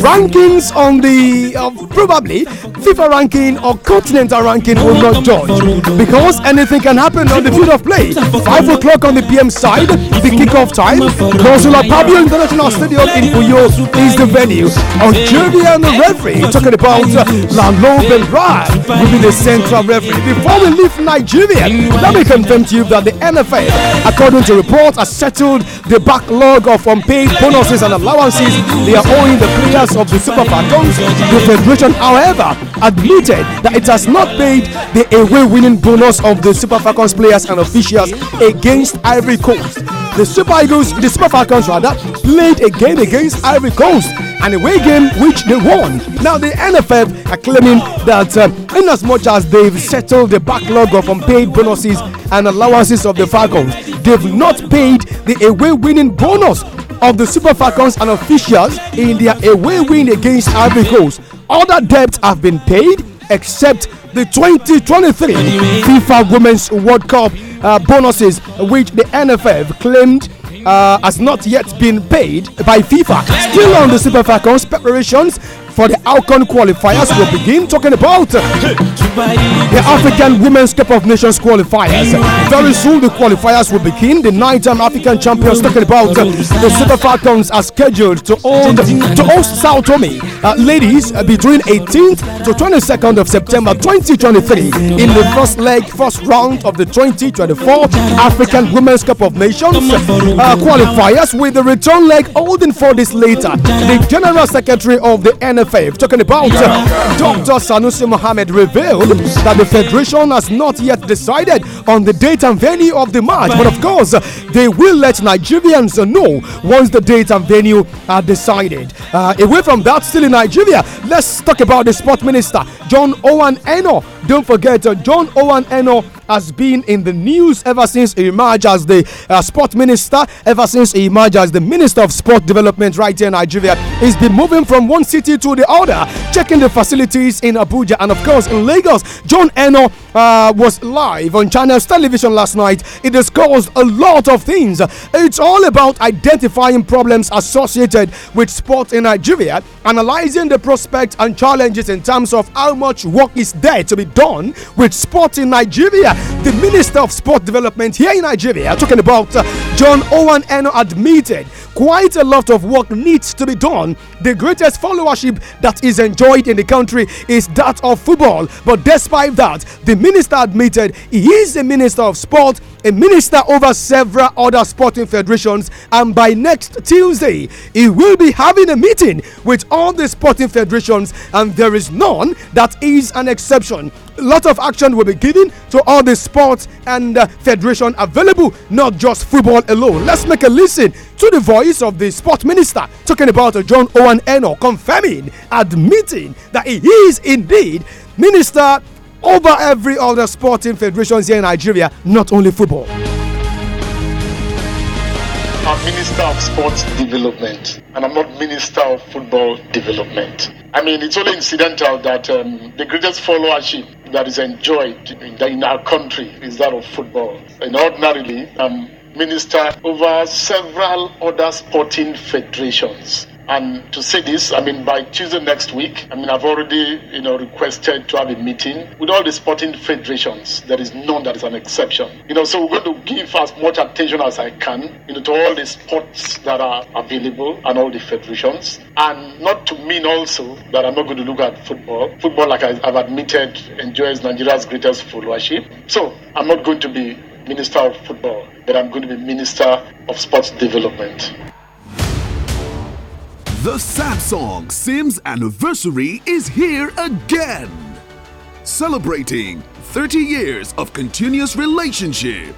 rankings on the uh, probably FIFA ranking or continental ranking will not judge because anything can happen on the field of play. 5 o'clock on the PM side, the kickoff time, Rosula Pabio International Stadium in Puyo is the venue. Algeria and the referee talking about Lalo Benra will be the central referee. Before we leave Nigeria, let me confirm to you that the NFL, according to reports, has settled the the backlog of unpaid um, bonuses and allowances they are owing the players of the Super Falcons. The Federation, however, admitted that it has not paid the away winning bonus of the Super Falcons players and officials against Ivory Coast. The Super Eagles, the Super Falcons rather, played a game against Ivory Coast an away game which they won. Now the NFF are claiming that uh, in as much as they've settled the backlog of unpaid bonuses and allowances of the Falcons, they've not paid the away winning bonus of the Super Falcons and officials in their away win against Ivory Coast. Other debts have been paid except the 2023 FIFA Women's World Cup uh, bonuses, which the NFF claimed uh, has not yet been paid by FIFA. Still on the Super Falcons, preparations for the Alcon qualifiers. We'll begin talking about the African Women's Cup of Nations qualifiers. Very soon, the qualifiers will begin. The nine-time African champions talking about the Super Falcons are scheduled to hold to host Sao Tome uh, ladies uh, between 18th to 22nd of September 2023 in the first leg, first round of the 2024 African Women's Cup of Nations uh, qualifiers with the return leg holding four days later. The General Secretary of the NF Faith talking about uh, Dr. Sanusi Mohammed revealed that the Federation has not yet decided on the date and venue of the match, but of course, they will let Nigerians know once the date and venue are decided. Uh, away from that, still in Nigeria, let's talk about the Sport Minister, John Owen Eno. Don't forget, uh, John Owen Eno has been in the news ever since he emerged as the uh, sport minister, ever since he emerged as the minister of sport development right here in Nigeria. He's been moving from one city to the other, checking the facilities in Abuja and, of course, in Lagos. John Eno uh, was live on China's television last night. It discussed a lot of things. It's all about identifying problems associated with sports in Nigeria, analyzing the prospects and challenges in terms of how much work is there to be done with sports in Nigeria. The Minister of Sport Development here in Nigeria talking about uh, John Owen Eno admitted quite a lot of work needs to be done. The greatest followership that is enjoyed in the country is that of football. But despite that, the minister admitted he is a minister of sport, a minister over several other sporting federations, and by next Tuesday, he will be having a meeting with all the sporting federations, and there is none that is an exception lot of action will be given to all the sports and uh, federation available, not just football alone. Let's make a listen to the voice of the sport minister talking about uh, John Owen Eno confirming, admitting that he is indeed minister over every other sporting federations here in Nigeria, not only football. I'm Minister of Sports Development, and I'm not Minister of Football Development. I mean, it's only incidental that um, the greatest followership that is enjoyed in our country is that of football. And ordinarily, I'm um, minister over several other sporting federations. And to say this, I mean, by Tuesday next week, I mean, I've already, you know, requested to have a meeting with all the sporting federations. There is none that is an exception. You know, so we're going to give as much attention as I can, you know, to all the sports that are available and all the federations. And not to mean also that I'm not going to look at football. Football, like I've admitted, enjoys Nigeria's greatest followership. So I'm not going to be Minister of Football, but I'm going to be Minister of Sports Development. The Samsung Sims anniversary is here again. Celebrating 30 years of continuous relationship.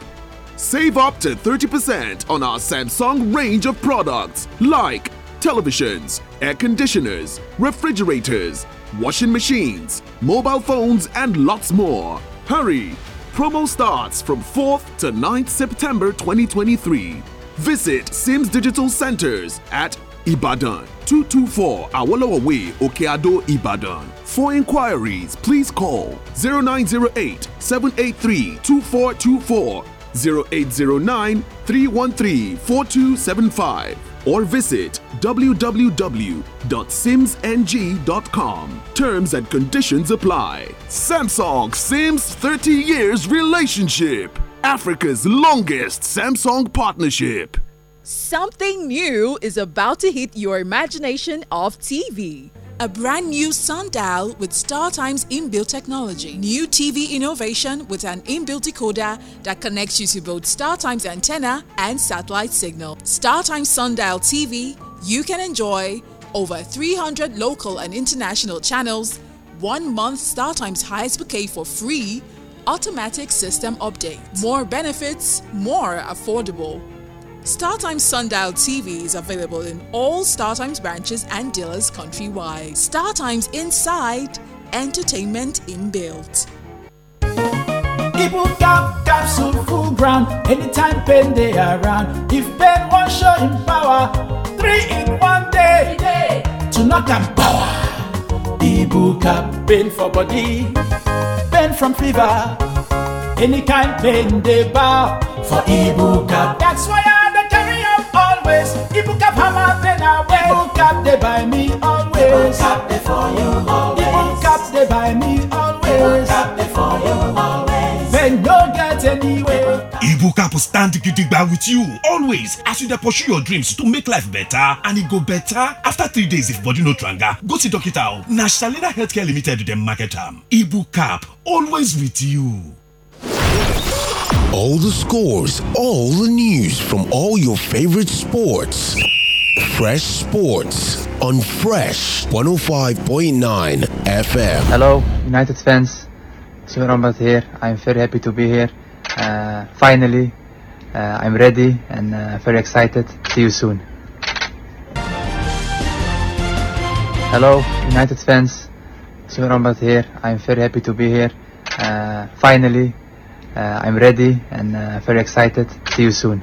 Save up to 30% on our Samsung range of products like televisions, air conditioners, refrigerators, washing machines, mobile phones, and lots more. Hurry! Promo starts from 4th to 9th September 2023. Visit Sims Digital Centers at Ibadan, 224 Awolowo Way, Okeado, Ibadan. For inquiries, please call 0908 783 2424, 0809 313 4275, or visit www.simsng.com. Terms and conditions apply. Samsung Sims 30 Years Relationship, Africa's longest Samsung partnership. Something new is about to hit your imagination of TV. A brand new sundial with StarTime's inbuilt technology. New TV innovation with an inbuilt decoder that connects you to both StarTime's antenna and satellite signal. StarTime Sundial TV, you can enjoy over 300 local and international channels, one month StarTime's highest bouquet for free, automatic system update. More benefits, more affordable. StarTimes Sundial TV is available in all StarTimes branches and dealers countrywide. StarTimes Inside, entertainment inbuilt. People cap capsule full ground anytime pain they around. If pain one not show in power, three in one day, day. to knock and power. Ibu cap pain for body, pain from fever, any kind pain they bow for Ibu cap. That's why. I always. Ibuka Pama then I wear. Ibuka they by me always. Ibu Ibuka they for you always. Ibu Ibuka they by me always. Ibu Ibuka they for you always. Then no get anywhere. Ibu Cap stand gidigba with you always as you dey pursue your dreams to make life better and e go better. After three days if body no tranga, go see doctor o. Na Shalina Healthcare Limited dem market am. Ibu Cap always with you. All the scores, all the news from all your favorite sports. Fresh Sports on Fresh 105.9 FM. Hello, United fans. Sir Rambat here. I'm very happy to be here. Uh, finally, uh, I'm ready and uh, very excited. See you soon. Hello, United fans. Sir Rambat here. I'm very happy to be here. Uh, finally, uh, I'm ready and uh, very excited. See you soon.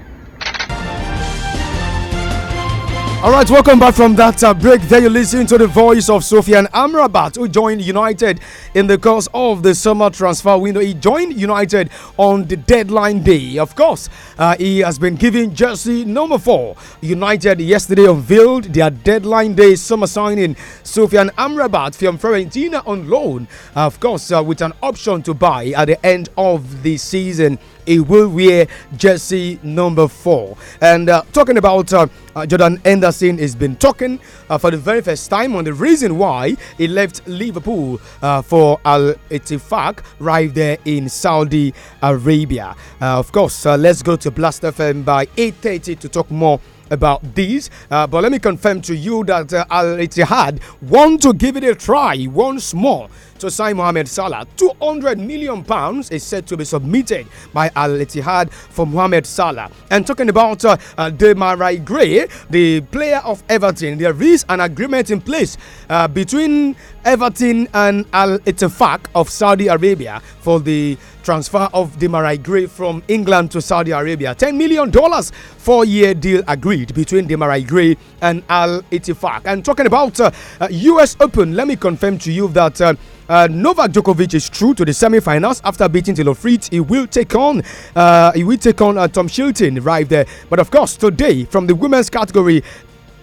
All right, welcome back from that uh, break. There you listen to the voice of Sofian Amrabat, who joined United in the course of the summer transfer window. He joined United on the deadline day. Of course, uh, he has been given jersey number four. United yesterday unveiled their deadline day summer signing, Sofian Amrabat from Fiorentina on loan. Uh, of course, uh, with an option to buy at the end of the season he will wear jersey number four. And uh, talking about uh, uh Jordan Henderson has been talking uh, for the very first time on the reason why he left Liverpool uh, for Al Ittifaq right there in Saudi Arabia. of course, let's go to Blast FM by 8:30 to talk more about this. Uh, but let me confirm to you that uh, Al Ittihad want to give it a try once more to sign Mohamed Salah. 200 million pounds is said to be submitted by Al Ittihad for Mohamed Salah. And talking about uh, uh, Demarai Gray, the player of Everton, there is an agreement in place uh, between Everton and Al Ittihad of Saudi Arabia for the transfer of Demarai Gray from England to Saudi Arabia. $10 million four year deal agreed between Demarai Gray and Al Itifak. And talking about uh, US uh, Open, let me confirm to you that. Uh, uh, Novak Djokovic is through to the semi-finals after beating Tilofrit. He will take on, uh, he will take on uh, Tom Shilton right there. But of course, today from the women's category,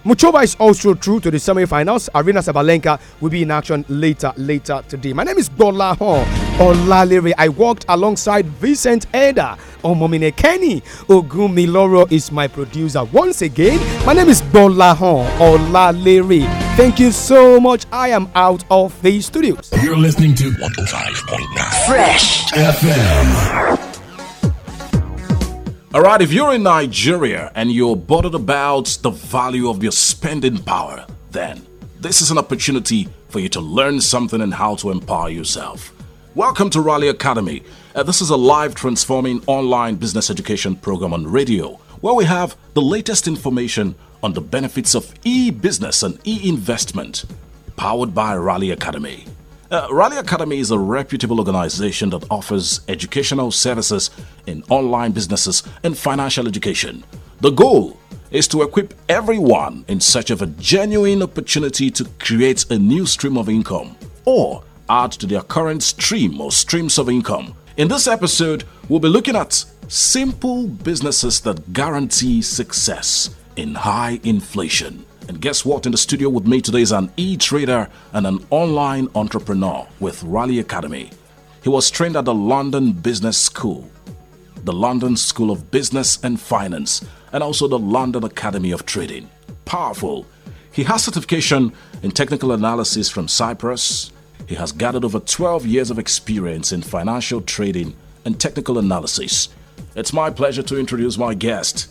Muchova is also through to the semi-finals. Arena Sabalenka will be in action later, later today. My name is Bola Hon Olalere. I worked alongside Vincent Eda Omomine Kenny. Ogumiloro is my producer. Once again, my name is Bola Hon Olalere. Thank you so much. I am out of the studios. You're listening to 105.9 Fresh FM. All right, if you're in Nigeria and you're bothered about the value of your spending power, then this is an opportunity for you to learn something and how to empower yourself. Welcome to Raleigh Academy. Uh, this is a live transforming online business education program on radio where we have the latest information on the benefits of e business and e investment, powered by Raleigh Academy. Uh, Raleigh Academy is a reputable organization that offers educational services in online businesses and financial education. The goal is to equip everyone in search of a genuine opportunity to create a new stream of income or add to their current stream or streams of income. In this episode, we'll be looking at simple businesses that guarantee success in high inflation. And guess what? In the studio with me today is an e trader and an online entrepreneur with Raleigh Academy. He was trained at the London Business School, the London School of Business and Finance, and also the London Academy of Trading. Powerful. He has certification in technical analysis from Cyprus. He has gathered over 12 years of experience in financial trading and technical analysis. It's my pleasure to introduce my guest,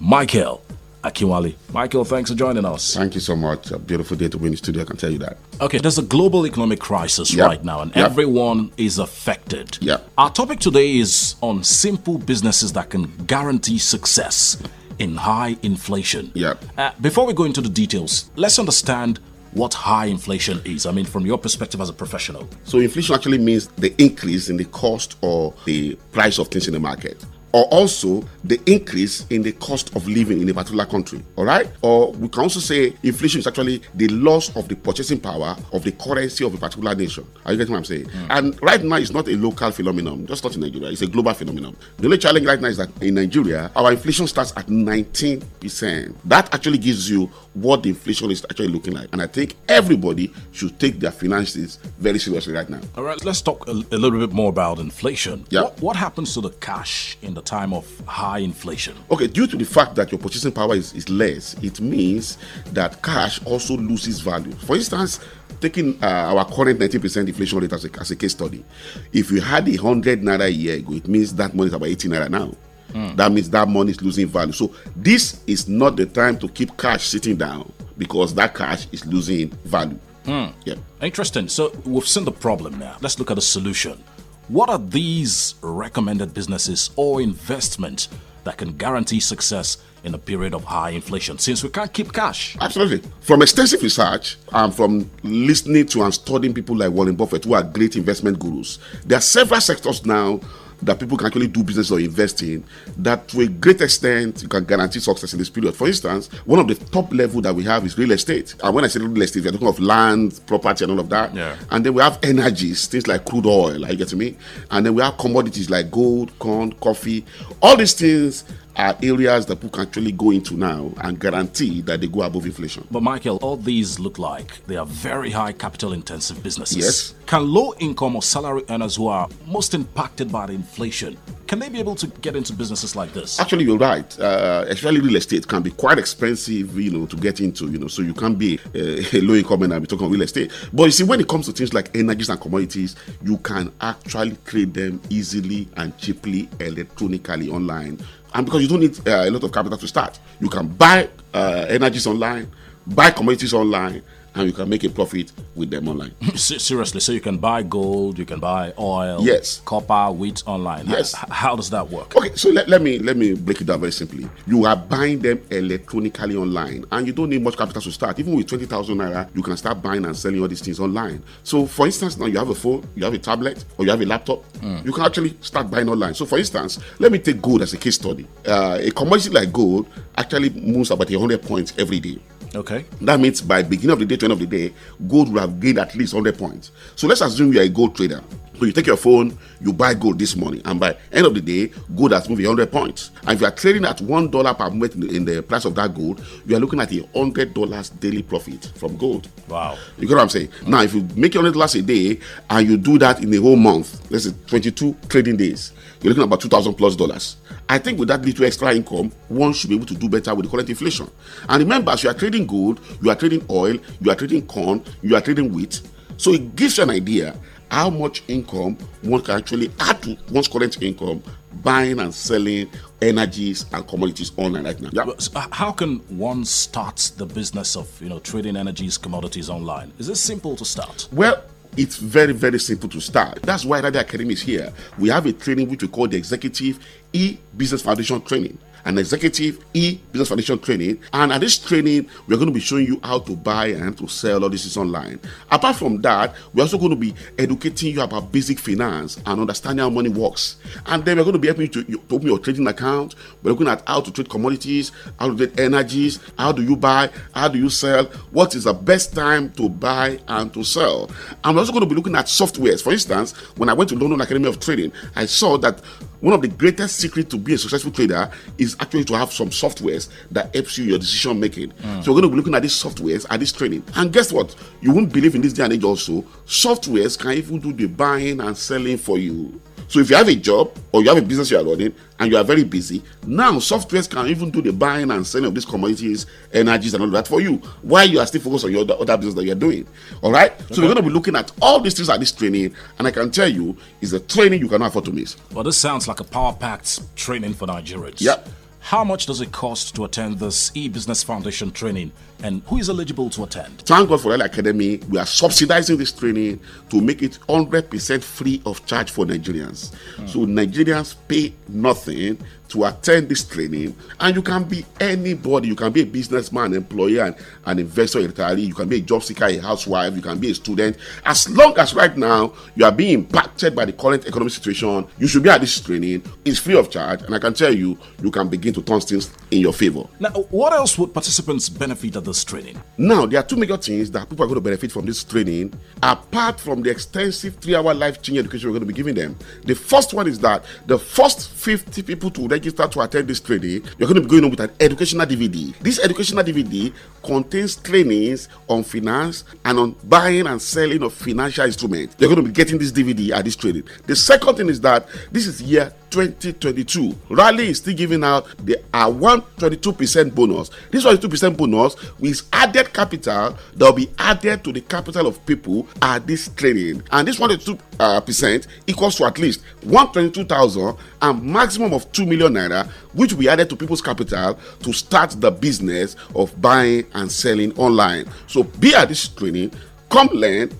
Michael Akiwale. Michael, thanks for joining us. Thank you so much. A beautiful day to be in the studio, I can tell you that. Okay, there's a global economic crisis yep. right now, and yep. everyone is affected. Yeah. Our topic today is on simple businesses that can guarantee success in high inflation. Yeah. Uh, before we go into the details, let's understand what high inflation is. I mean, from your perspective as a professional. So, inflation actually means the increase in the cost or the price of things in the market or also the increase in the cost of living in a particular country. All right? Or we can also say inflation is actually the loss of the purchasing power of the currency of a particular nation. Are you getting what I'm saying? Mm. And right now, it's not a local phenomenon, just not in Nigeria, it's a global phenomenon. The only challenge right now is that in Nigeria, our inflation starts at 19%. That actually gives you what the inflation is actually looking like. And I think everybody should take their finances very seriously right now. All right, let's talk a, a little bit more about inflation. Yeah. What, what, happens to the cash in the time of high inflation? Okay, due to the fact that your purchasing power is, is less, it means that cash also loses value. For instance, taking uh, our current 90% inflation rate as a, as a case study, if you had a 100 naira a year ago, it means that money is about 80 naira now. Hmm. That means that money is losing value. So this is not the time to keep cash sitting down because that cash is losing value. Hmm. Yeah. Interesting. So we've seen the problem now. Let's look at the solution. What are these recommended businesses or investments that can guarantee success in a period of high inflation since we can't keep cash? Absolutely. From extensive research and from listening to and studying people like Warren Buffett, who are great investment gurus, there are several sectors now that people can actually do business or invest in that to a great extent you can guarantee success in this period. For instance, one of the top level that we have is real estate. And when I say real estate, we're talking of land, property, and all of that. Yeah. And then we have energies, things like crude oil, like you get to me? And then we have commodities like gold, corn, coffee. All these things are areas that people can actually go into now and guarantee that they go above inflation. But Michael, all these look like they are very high capital intensive businesses. Yes. Can low income or salary earners who are most impacted by inflation can they be able to get into businesses like this? Actually, you're right. Uh, especially real estate can be quite expensive, you know, to get into, you know, so you can't be a, a low income and I'll be talking real estate. But you see, when it comes to things like energies and commodities, you can actually trade them easily and cheaply electronically online. And because you don't need uh, a lot of capital to start, you can buy uh, energies online, buy commodities online and you can make a profit with them online. Seriously, so you can buy gold, you can buy oil, yes, copper, wheat online. Yes. How, how does that work? Okay, so let, let me let me break it down very simply. You are buying them electronically online, and you don't need much capital to start. Even with twenty thousand naira, you can start buying and selling all these things online. So, for instance, now you have a phone, you have a tablet, or you have a laptop, mm. you can actually start buying online. So, for instance, let me take gold as a case study. Uh, a commodity like gold actually moves about hundred points every day. Okay. That means by beginning of the day to end of the day, gold will have gained at least 100 points. So let's assume you are a gold trader. So you take your phone, you buy gold this morning, and by end of the day, gold has moved 100 points. And if you are trading at one dollar per minute in the price of that gold, you are looking at a hundred dollars daily profit from gold. Wow! You get what I'm saying? Now, if you make hundred dollars a day and you do that in the whole month, let's say 22 trading days, you're looking at about 2,000 plus dollars. I think with that little extra income, one should be able to do better with the current inflation. And remember, as you are trading gold, you are trading oil, you are trading corn, you are trading wheat. So it gives you an idea how much income one can actually add to one's current income buying and selling energies and commodities online right now. Yeah. So uh, how can one start the business of you know trading energies commodities online? Is it simple to start? Well, it's very, very simple to start. That's why Radi Academy is here. We have a training which we call the Executive E Business Foundation Training an executive e business foundation training. And at this training, we're going to be showing you how to buy and to sell all this is online. Apart from that, we're also going to be educating you about basic finance and understanding how money works. And then we're going to be helping you to, you, to open your trading account. We're looking at how to trade commodities, how to trade energies, how do you buy, how do you sell, what is the best time to buy and to sell. And we're also going to be looking at softwares. For instance, when I went to London Academy of Trading, I saw that one of the greatest secrets to be a successful trader is actually to have some softwares that helps you your decision making. Mm. So we're going to be looking at these softwares at this training. And guess what? You won't believe in this day and age also. Softwares can even do the buying and selling for you. So if you have a job or you have a business you are running and you are very busy, now softwares can even do the buying and selling of these commodities, energies, and all that for you while you are still focused on your other business that you're doing. All right. Okay. So we're going to be looking at all these things at this training, and I can tell you, it's a training you cannot afford to miss. Well, this sounds like a power packed training for Nigerians. Yep. How much does it cost to attend this e-business foundation training and who is eligible to attend? Thank God for L Academy. We are subsidizing this training to make it 100% free of charge for Nigerians. Mm. So Nigerians pay nothing to attend this training and you can be anybody you can be a businessman employer and an investor entirely. retiree you can be a job seeker a housewife you can be a student as long as right now you are being impacted by the current economic situation you should be at this training it's free of charge and i can tell you you can begin to turn things in your favor now what else would participants benefit at this training now there are two major things that people are going to benefit from this training apart from the extensive three-hour life-changing education we're going to be giving them the first one is that the first 50 people to register register to attend this training, you're going to be going on with an educational DVD. This educational DVD contains trainings on finance and on buying and selling of financial instruments. You're going to be getting this DVD at this training. The second thing is that this is year 2022. Rally is still giving out the a uh, 122% bonus. This 2 percent bonus with added capital that will be added to the capital of people at this training. And this 122% uh, percent equals to at least 122,000 and maximum of 2 million naira, which we added to people's capital to start the business of buying and selling online. So be at this training, come learn,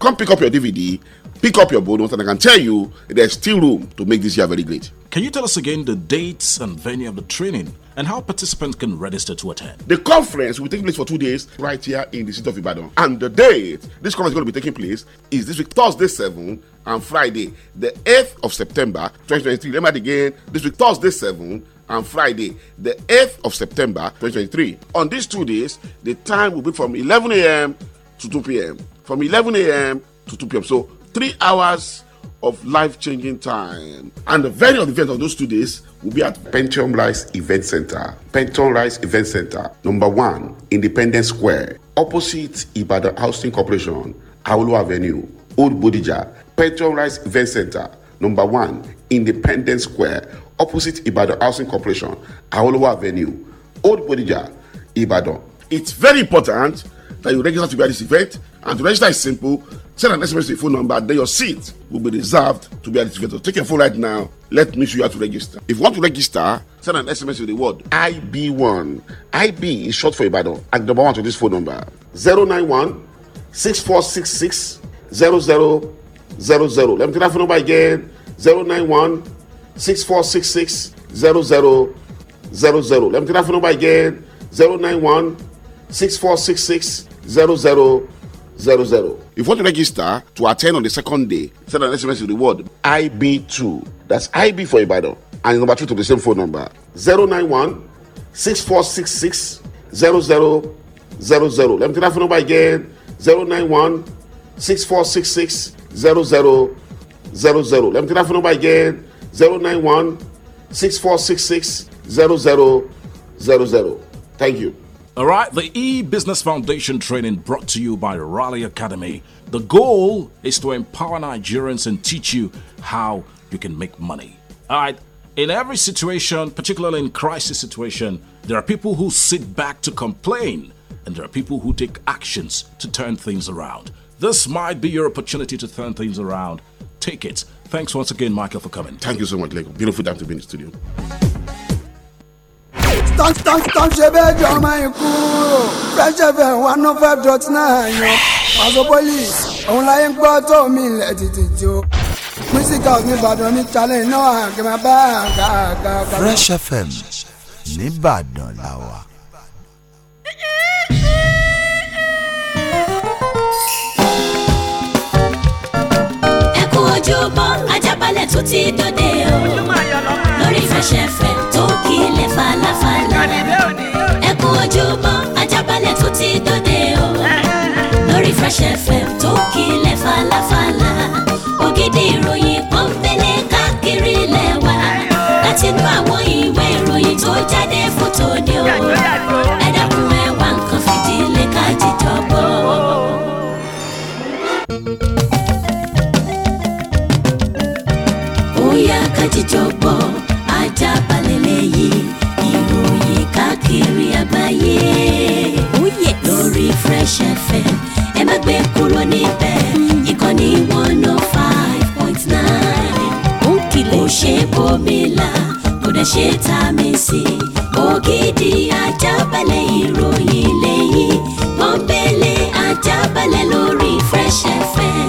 come pick up your DVD pick up your bonus, and I can tell you there's still room to make this year very great. Can you tell us again the dates and venue of the training and how participants can register to attend? The conference will take place for two days right here in the city of Ibadan. And the date this conference is going to be taking place is this week, Thursday seven and Friday, the 8th of September 2023. Remember again, this week, Thursday seven and Friday, the 8th of September 2023. On these two days, the time will be from 11 a.m. to 2 p.m. From 11 a.m. to 2 p.m. So three hours of life-changing time. And the very event of those two days will be at Pentium Rise Event Center. Pentium Rise Event Center, number one, Independence Square, opposite Ibadan Housing Corporation, Aulu Avenue, Old Bodija. Pentium Rise Event Center, number one, Independence Square, opposite Ibadan Housing Corporation, Aulu Avenue, Old Bodija, Ibadan. It's very important that you register to be at this event And to register is simple. Send an SMS to your phone number, then your seat will be reserved to be So Take your phone right now. Let me show you how to register. If you want to register, send an SMS with the word IB1. IB is short for Ibadan. And number one to this phone number 091 6466 0000. Let me take that phone number again 091 6466 0000. Let me take that phone number again 091 6466 0000. Zero zero. If you want to register to attend on the second day, send an SMS with the word IB2. That's IB for Ibadan. And number two to the same phone number 091 6466 0000. Let me take that phone number again 091 6466 0000. Let me take that phone number again 091 6466 0000. Thank you. All right, the e-business foundation training brought to you by Raleigh Academy. The goal is to empower Nigerians and teach you how you can make money. All right, in every situation, particularly in crisis situation, there are people who sit back to complain and there are people who take actions to turn things around. This might be your opportunity to turn things around. Take it. Thanks once again, Michael, for coming. Thank you so much, Lego. Beautiful time to be in the studio. tó jọ ọmọ ikú Fresh FM one oh five dot nine yan Paso Police òun láyé ń gbọ́ tó mi ilẹ̀ tètè tí o music Ìbàdàn ní challenge náà àgbẹ̀mọ̀ bá àgbà àgbà. Fresh FM ní làwà. ojúbọ ajábalẹ̀ tó ti dòde o lórí fẹsẹ̀fẹ̀ tó kílẹ̀ falafala ẹ kú ojúbọ ajábalẹ̀ tó ti dòde o lórí fẹsẹ̀fẹ̀ tó kílẹ̀ falafala ògidì ìròyìn pọ́npẹ́lẹ́ káàkiri lẹ́wà láti inú àwọn ìwé ìròyìn tó jáde fótó ni o ẹ dákun ẹ wá nǹkan fìdílé ká jíjọ kájíjọgbọ́ Ajaabale lẹ́yìn ìròyìn káàkiri àgbáyé. Ó oh yẹ lórí Fresh FM ẹ má gbé kúrò níbẹ̀ ìkànnì one oh five point nine. Ó kìlẹ̀ ó ṣe bòmílà kò dẹ̀ ṣe tá a mi sí. Ògidì Ajaabale ìròyìn lẹ́yìn pọ́npẹ́lẹ́ Ajaabale lórí Fresh FM.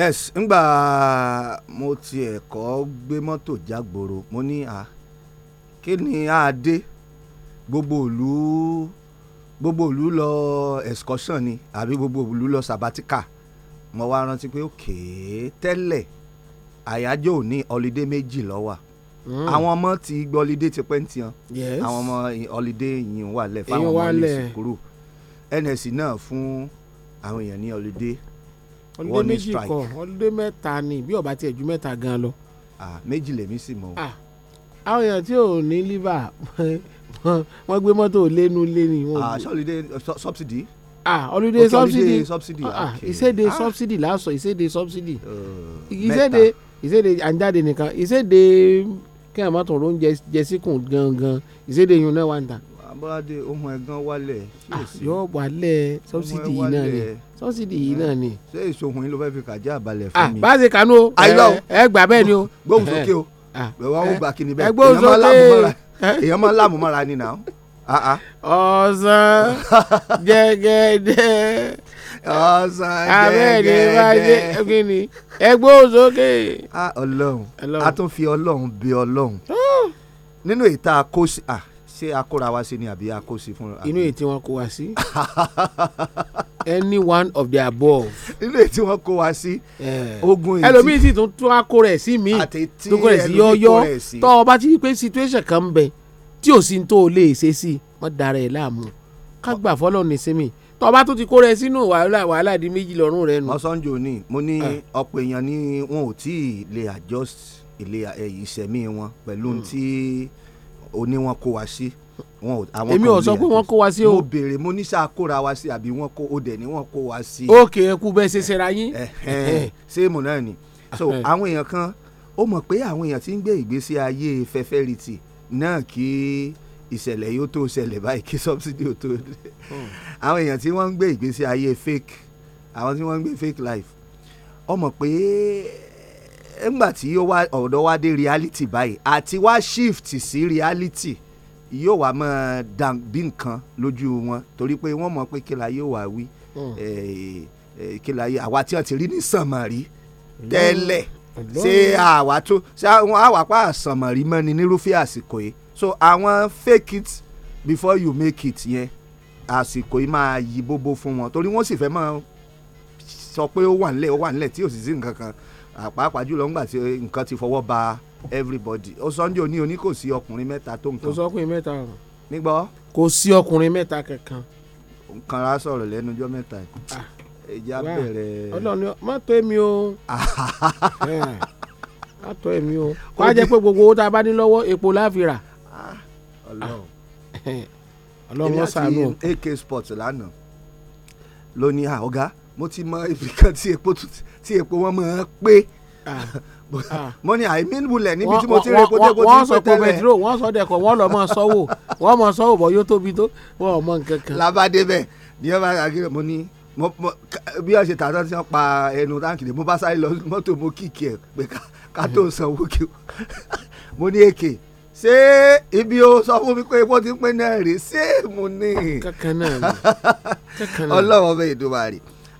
yes ngbà mo tiẹ̀ kọ́ gbé mọ́tò jágboro mo ní à kí ni a dé gbogbo ìlú gbogbo ìlú lọ excursion ni àbí gbogbo ìlú lọ sabatika mo wá rántí pé òkè tẹ́lẹ̀ àyájọ́ òní ọlidé méjì ló wà hmm. àwọn ọmọ ti gbọ́ ọlidé ti pẹ́ ń tiyan àwọn ọmọ ọlidé yìí wà lẹ̀ fáwọn ọmọ lè sùkúrù nsc náà fún àwọn èèyàn ní ọlidé strike. ọlọ́dẹ méjì kọ ọlọ́dẹ mẹ́ta ni bí ọba tiẹ̀ ju mẹ́ta gan lọ. méjì lèmi sì mọ. àwọn èèyàn tí ò ní líbà wọ́n gbé mọ́tò lẹ́nu lẹ́ni. sọ́ọ̀lìdé sọ́bsidì. ọlọ́dẹ sọ́bsidì ìséde ah. sọ́bsidì lásọ ìséde sọ́bsidì ìséde ìséde àǹjáde nìkan ìséde kí àwọn mọ́tò ló ń jẹ síkùn gangan ìséde yun náà wà ń tà abọ́dé ohun ẹ̀gán wálẹ̀. Ah, yóò wálẹ̀ sọ́bsidì yìí náà ni sọ́bsidì yìí náà ni. ṣé ìṣòhun yìí ló fẹ́ fi kàjá àbálẹ̀ fún ah, mi. bá a ṣe kànú ẹ gbà bẹ́ẹ̀ ni o. gbóhùn sókè o ah. bẹ̀rẹ̀ wá ó gbà kí ni bẹ́ẹ̀ eh? èèyàn máa láàmú mọ́ra ni náà. ọ̀sán gẹ́gẹ́dẹ́ ọ̀sán gẹ́gẹ́dẹ́ kí ni ẹ gbóhùn sókè. ọlọ́run a tún fi ọlọ́run bí ọlọ́run oh. nínú ìta kó sí ṣé akóra wa sí ni àbí akó sí fúnra. inú èyí tí wọ́n kó wa sí. any one of the above. inú èyí tí wọ́n kó wa sí. Eh. ogun èyí tí ẹlòmíì sì tún tún akó rẹ̀ sí mi. àtẹ̀tí ẹlòmíì kó rẹ̀ sí. tọ́ ọ bá ti rí pé situation kan ń bẹ tí ò sí tó o lè ṣe sí wọ́n dara ẹ̀ láàmú ká gbà fọ́lọ́ ní sinmi tọ́ ọ bá tún ti kó rẹ̀ sínú wàhálà wàhálà di méjì lọ́rùn rẹ̀ nù. ọ̀sánjò ni mo ní eh. ọ̀pọ̀ èèyàn ni wọn ò tí ì lè adjust eh, ìṣẹ̀mí wọn pẹ̀lú ti. Mm òní wọn kó wa sí. èmi ò sọ pé wọ́n kó wa sí o. mo béèrè mo ní sáà kóra wa sí àbí wọ́n kó o dẹ̀ ni wọ́n kó wa sí. ókè ẹ kú bẹ́ẹ̀ ṣe ṣe ra yín. séèmù náà ni so àwọn èèyàn kan ó mọ̀ pé àwọn èèyàn ti ń gbé ìgbésí ayé fẹ́fẹ́rìtì náà kí ìṣẹ̀lẹ̀ yóò tó ṣẹlẹ̀ báyìí kí subsidy ó tó dé hmm. àwọn èèyàn tí wọ́n ń gbé ìgbésí ayé fake àwọn tí wọ́n ń gbé fake life ó mọ̀ pé ńgbà tí yóò wá ọ̀dọ́ wa de reality báyìí Ati wa shift sí reality wa wá mọ́ dàbí nǹkan Loju wọn torí pé wọ́n mọ̀ pé kíla yóò wa wi. Hmm. kíla yóò àwa tí wọ́n ti rí ni sànmọ́rí hmm. tẹ́lẹ̀ ṣé àwa tó ṣé àwọn àwa pa àsànmọ́rí mọ́ ni nírúfẹ́ àsìkò yìí so àwọn fake it before you make it yẹn àsìkò yìí máa yí bóbó fún wọn torí wọ́n sì fẹ́ máa sọ pé ó wà nílẹ̀ ó wà nílẹ̀ tí ò sì sí nǹkan pàápàá jùlọ ńgbà tí nǹkan ti fọwọ́ ba everybody ó Sunday òní òní kò sí ọkùnrin mẹ́ta tó nǹkan. kò sọkùnrin mẹ́ta ọ̀rọ̀. nígbọ́. kò sí ọkùnrin mẹ́ta kankan. nǹkan ra sọ̀rọ̀ lẹ́nu ọjọ́ mẹ́ta yìí. ìjà bẹ̀rẹ̀. ọlọ́ni má tó èmi o. má tó èmi o. kó a jẹ́ pé gbogbo owó tá a bá ní lọ́wọ́ epo la rà. ọlọ́run ọ̀sán nù. èmi àti AK Sports lánàá lónìí àọ́gá mo ti mọ ibi kan tí epo tí epo wọn mọ pé ah. ah. mo ní àìmí wulẹ̀ níbi tí mo ti rí epo tí epo ti ń pè tẹ́lẹ̀. wọ́n sọ pé bẹ̀tírò wọ́n sọ dẹ̀kọ̀ wọ́n lọ mọ sọ́wọ́ wọ́n mọ sọ́wọ́ bọ́ yóò tóbi tó wọ́n ò mọ nǹkan kan. labade bẹ ní ọba àgẹrẹ mo ní bí wọ́n ṣe tààtà tí wọ́n pa ẹnu táǹkì ni mo bá sáré lọ mọ́tò mo kíkì ẹ̀ pé ká tó hmm. sanwó kí mo ní èkè ṣé ibi o sọ fún mi pé epo ti ń pín náà rè ṣé mo ní. ọlọ́run ọbẹ̀ ìdúbà rè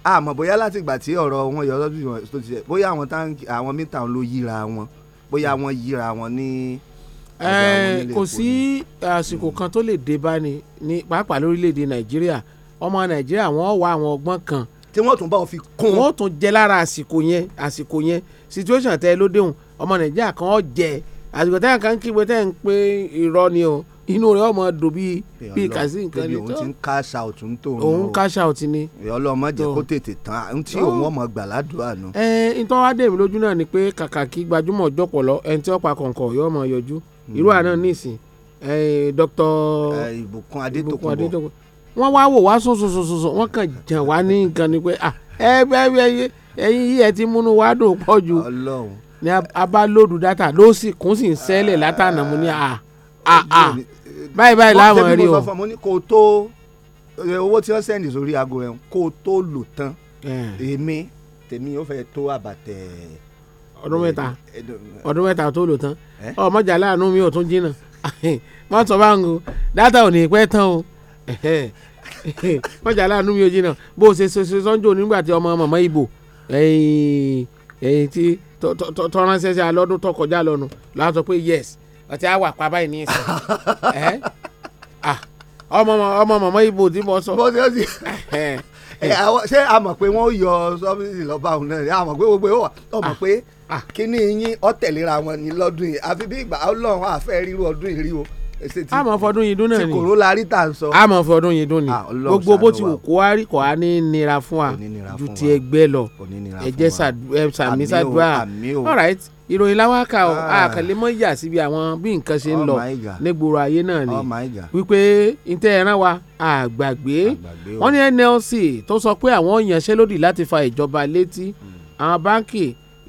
àmọ́ bóyá láti ìgbà tí ọ̀rọ̀ wọn yọ lọ́dún yìí tó ti ṣe bóyá àwọn táǹkì àwọn mítà wọn ló yíra wọn bóyá wọn yíra wọn ní. kò sí àsìkò kan tó lè dé bá ni ní pàápàá lórílẹ̀‐èdè nàìjíríà ọmọ nàìjíríà wọ́n wá àwọn ọgbọ́n kan. tí wọ́n tún bá wọn fi kún. wọ́n tún jẹ lára àsìkò yẹn àsìkò yẹn situation tẹ ló déhùn ọmọ nàìjíríà kan ọ̀ jẹ àsìkò tẹ́ inú rẹ̀ ọmọ dùn bíi bíi kàsí ni tó òun ti ń cash out ń tó òun òun cash out ni. ọlọ́mọ jẹ́ kó tètè tán n tí òun ọmọ gbà ládùúrà nù. ẹ ẹ ntọ́ wá dèmi lójú náà ni pé kàkà kí gbajúmọ̀ jọ̀pọ̀lọ́ ẹni tí ọ̀pá kọ̀ǹkọ̀ yọ ọmọ yọjú irú àná hmm. nísìn dr ìbùkún adétòkùnbọ̀ wọ́n wá wò wá sùn sùn sùn sùn wọ́n kàn jàn wá ní nǹkan ni pé ah, ẹ yìí ẹ ni a a a báyìí báyìí láwọn rí o mo ní kò tó owó tí wọ́n sẹ́ndì sórí aago rẹ̀ kò tó lò tán eh. èmi tèmi ó fẹ́ tó àbàtẹ̀. ọdún eh, mẹ́ta eh, ọdún mẹ́ta tó lò tán ọmọjà láàánú mi ò tún jìnnà wọ́n sọ báńgò dátà ò ní pẹ́ tán o mọ̀jà láàánú mi ò jìnnà bó o ṣe ṣe sọ́njò nígbà tí ọmọ màmá ibo ẹ̀yìn tí tọ́ránṣẹ́ sí alọ́dún tó kọjá lọ́nu láti sọ pé yes ọtí á wà pa báyìí ní ìsìn ọmọ ọmọ mọmọ ibo tí mo sọ. bọ́sẹ̀ ọ̀sẹ̀ ṣé a mọ̀ pé wọ́n yọ sọ́fíìsì lọ́ba òun náà a mọ̀ pé gbogbo ẹ̀ wà ọmọ pé kíní yín ọ̀tẹ̀lera wọn ni lọ́dún yìí àfi bí ìgbà ọlọ́run àfẹ́ ríru ọdún yìí rí a mọ̀ fọdún yìí dún náà ni kòró la tà ń sọ. a mọ̀ fọdún yìí dún ni gbogbo bó ti wù kó a rí kò a ní nira fún wa ju ti ẹgbẹ́ lọ ẹ jẹ́ sàmì all right ìròyìn láwáka ah. ọ àkàlẹ́mọ́ yà síbi àwọn bí nǹkan ṣe ń oh lọ nígboro ayé náà ni oh wípé ntẹ́ ẹran wa àgbàgbé wọ́n ní NLC tó sọ pé àwọn ìyanṣẹ́lódì láti fa ìjọba létí hmm. àwọn báńkì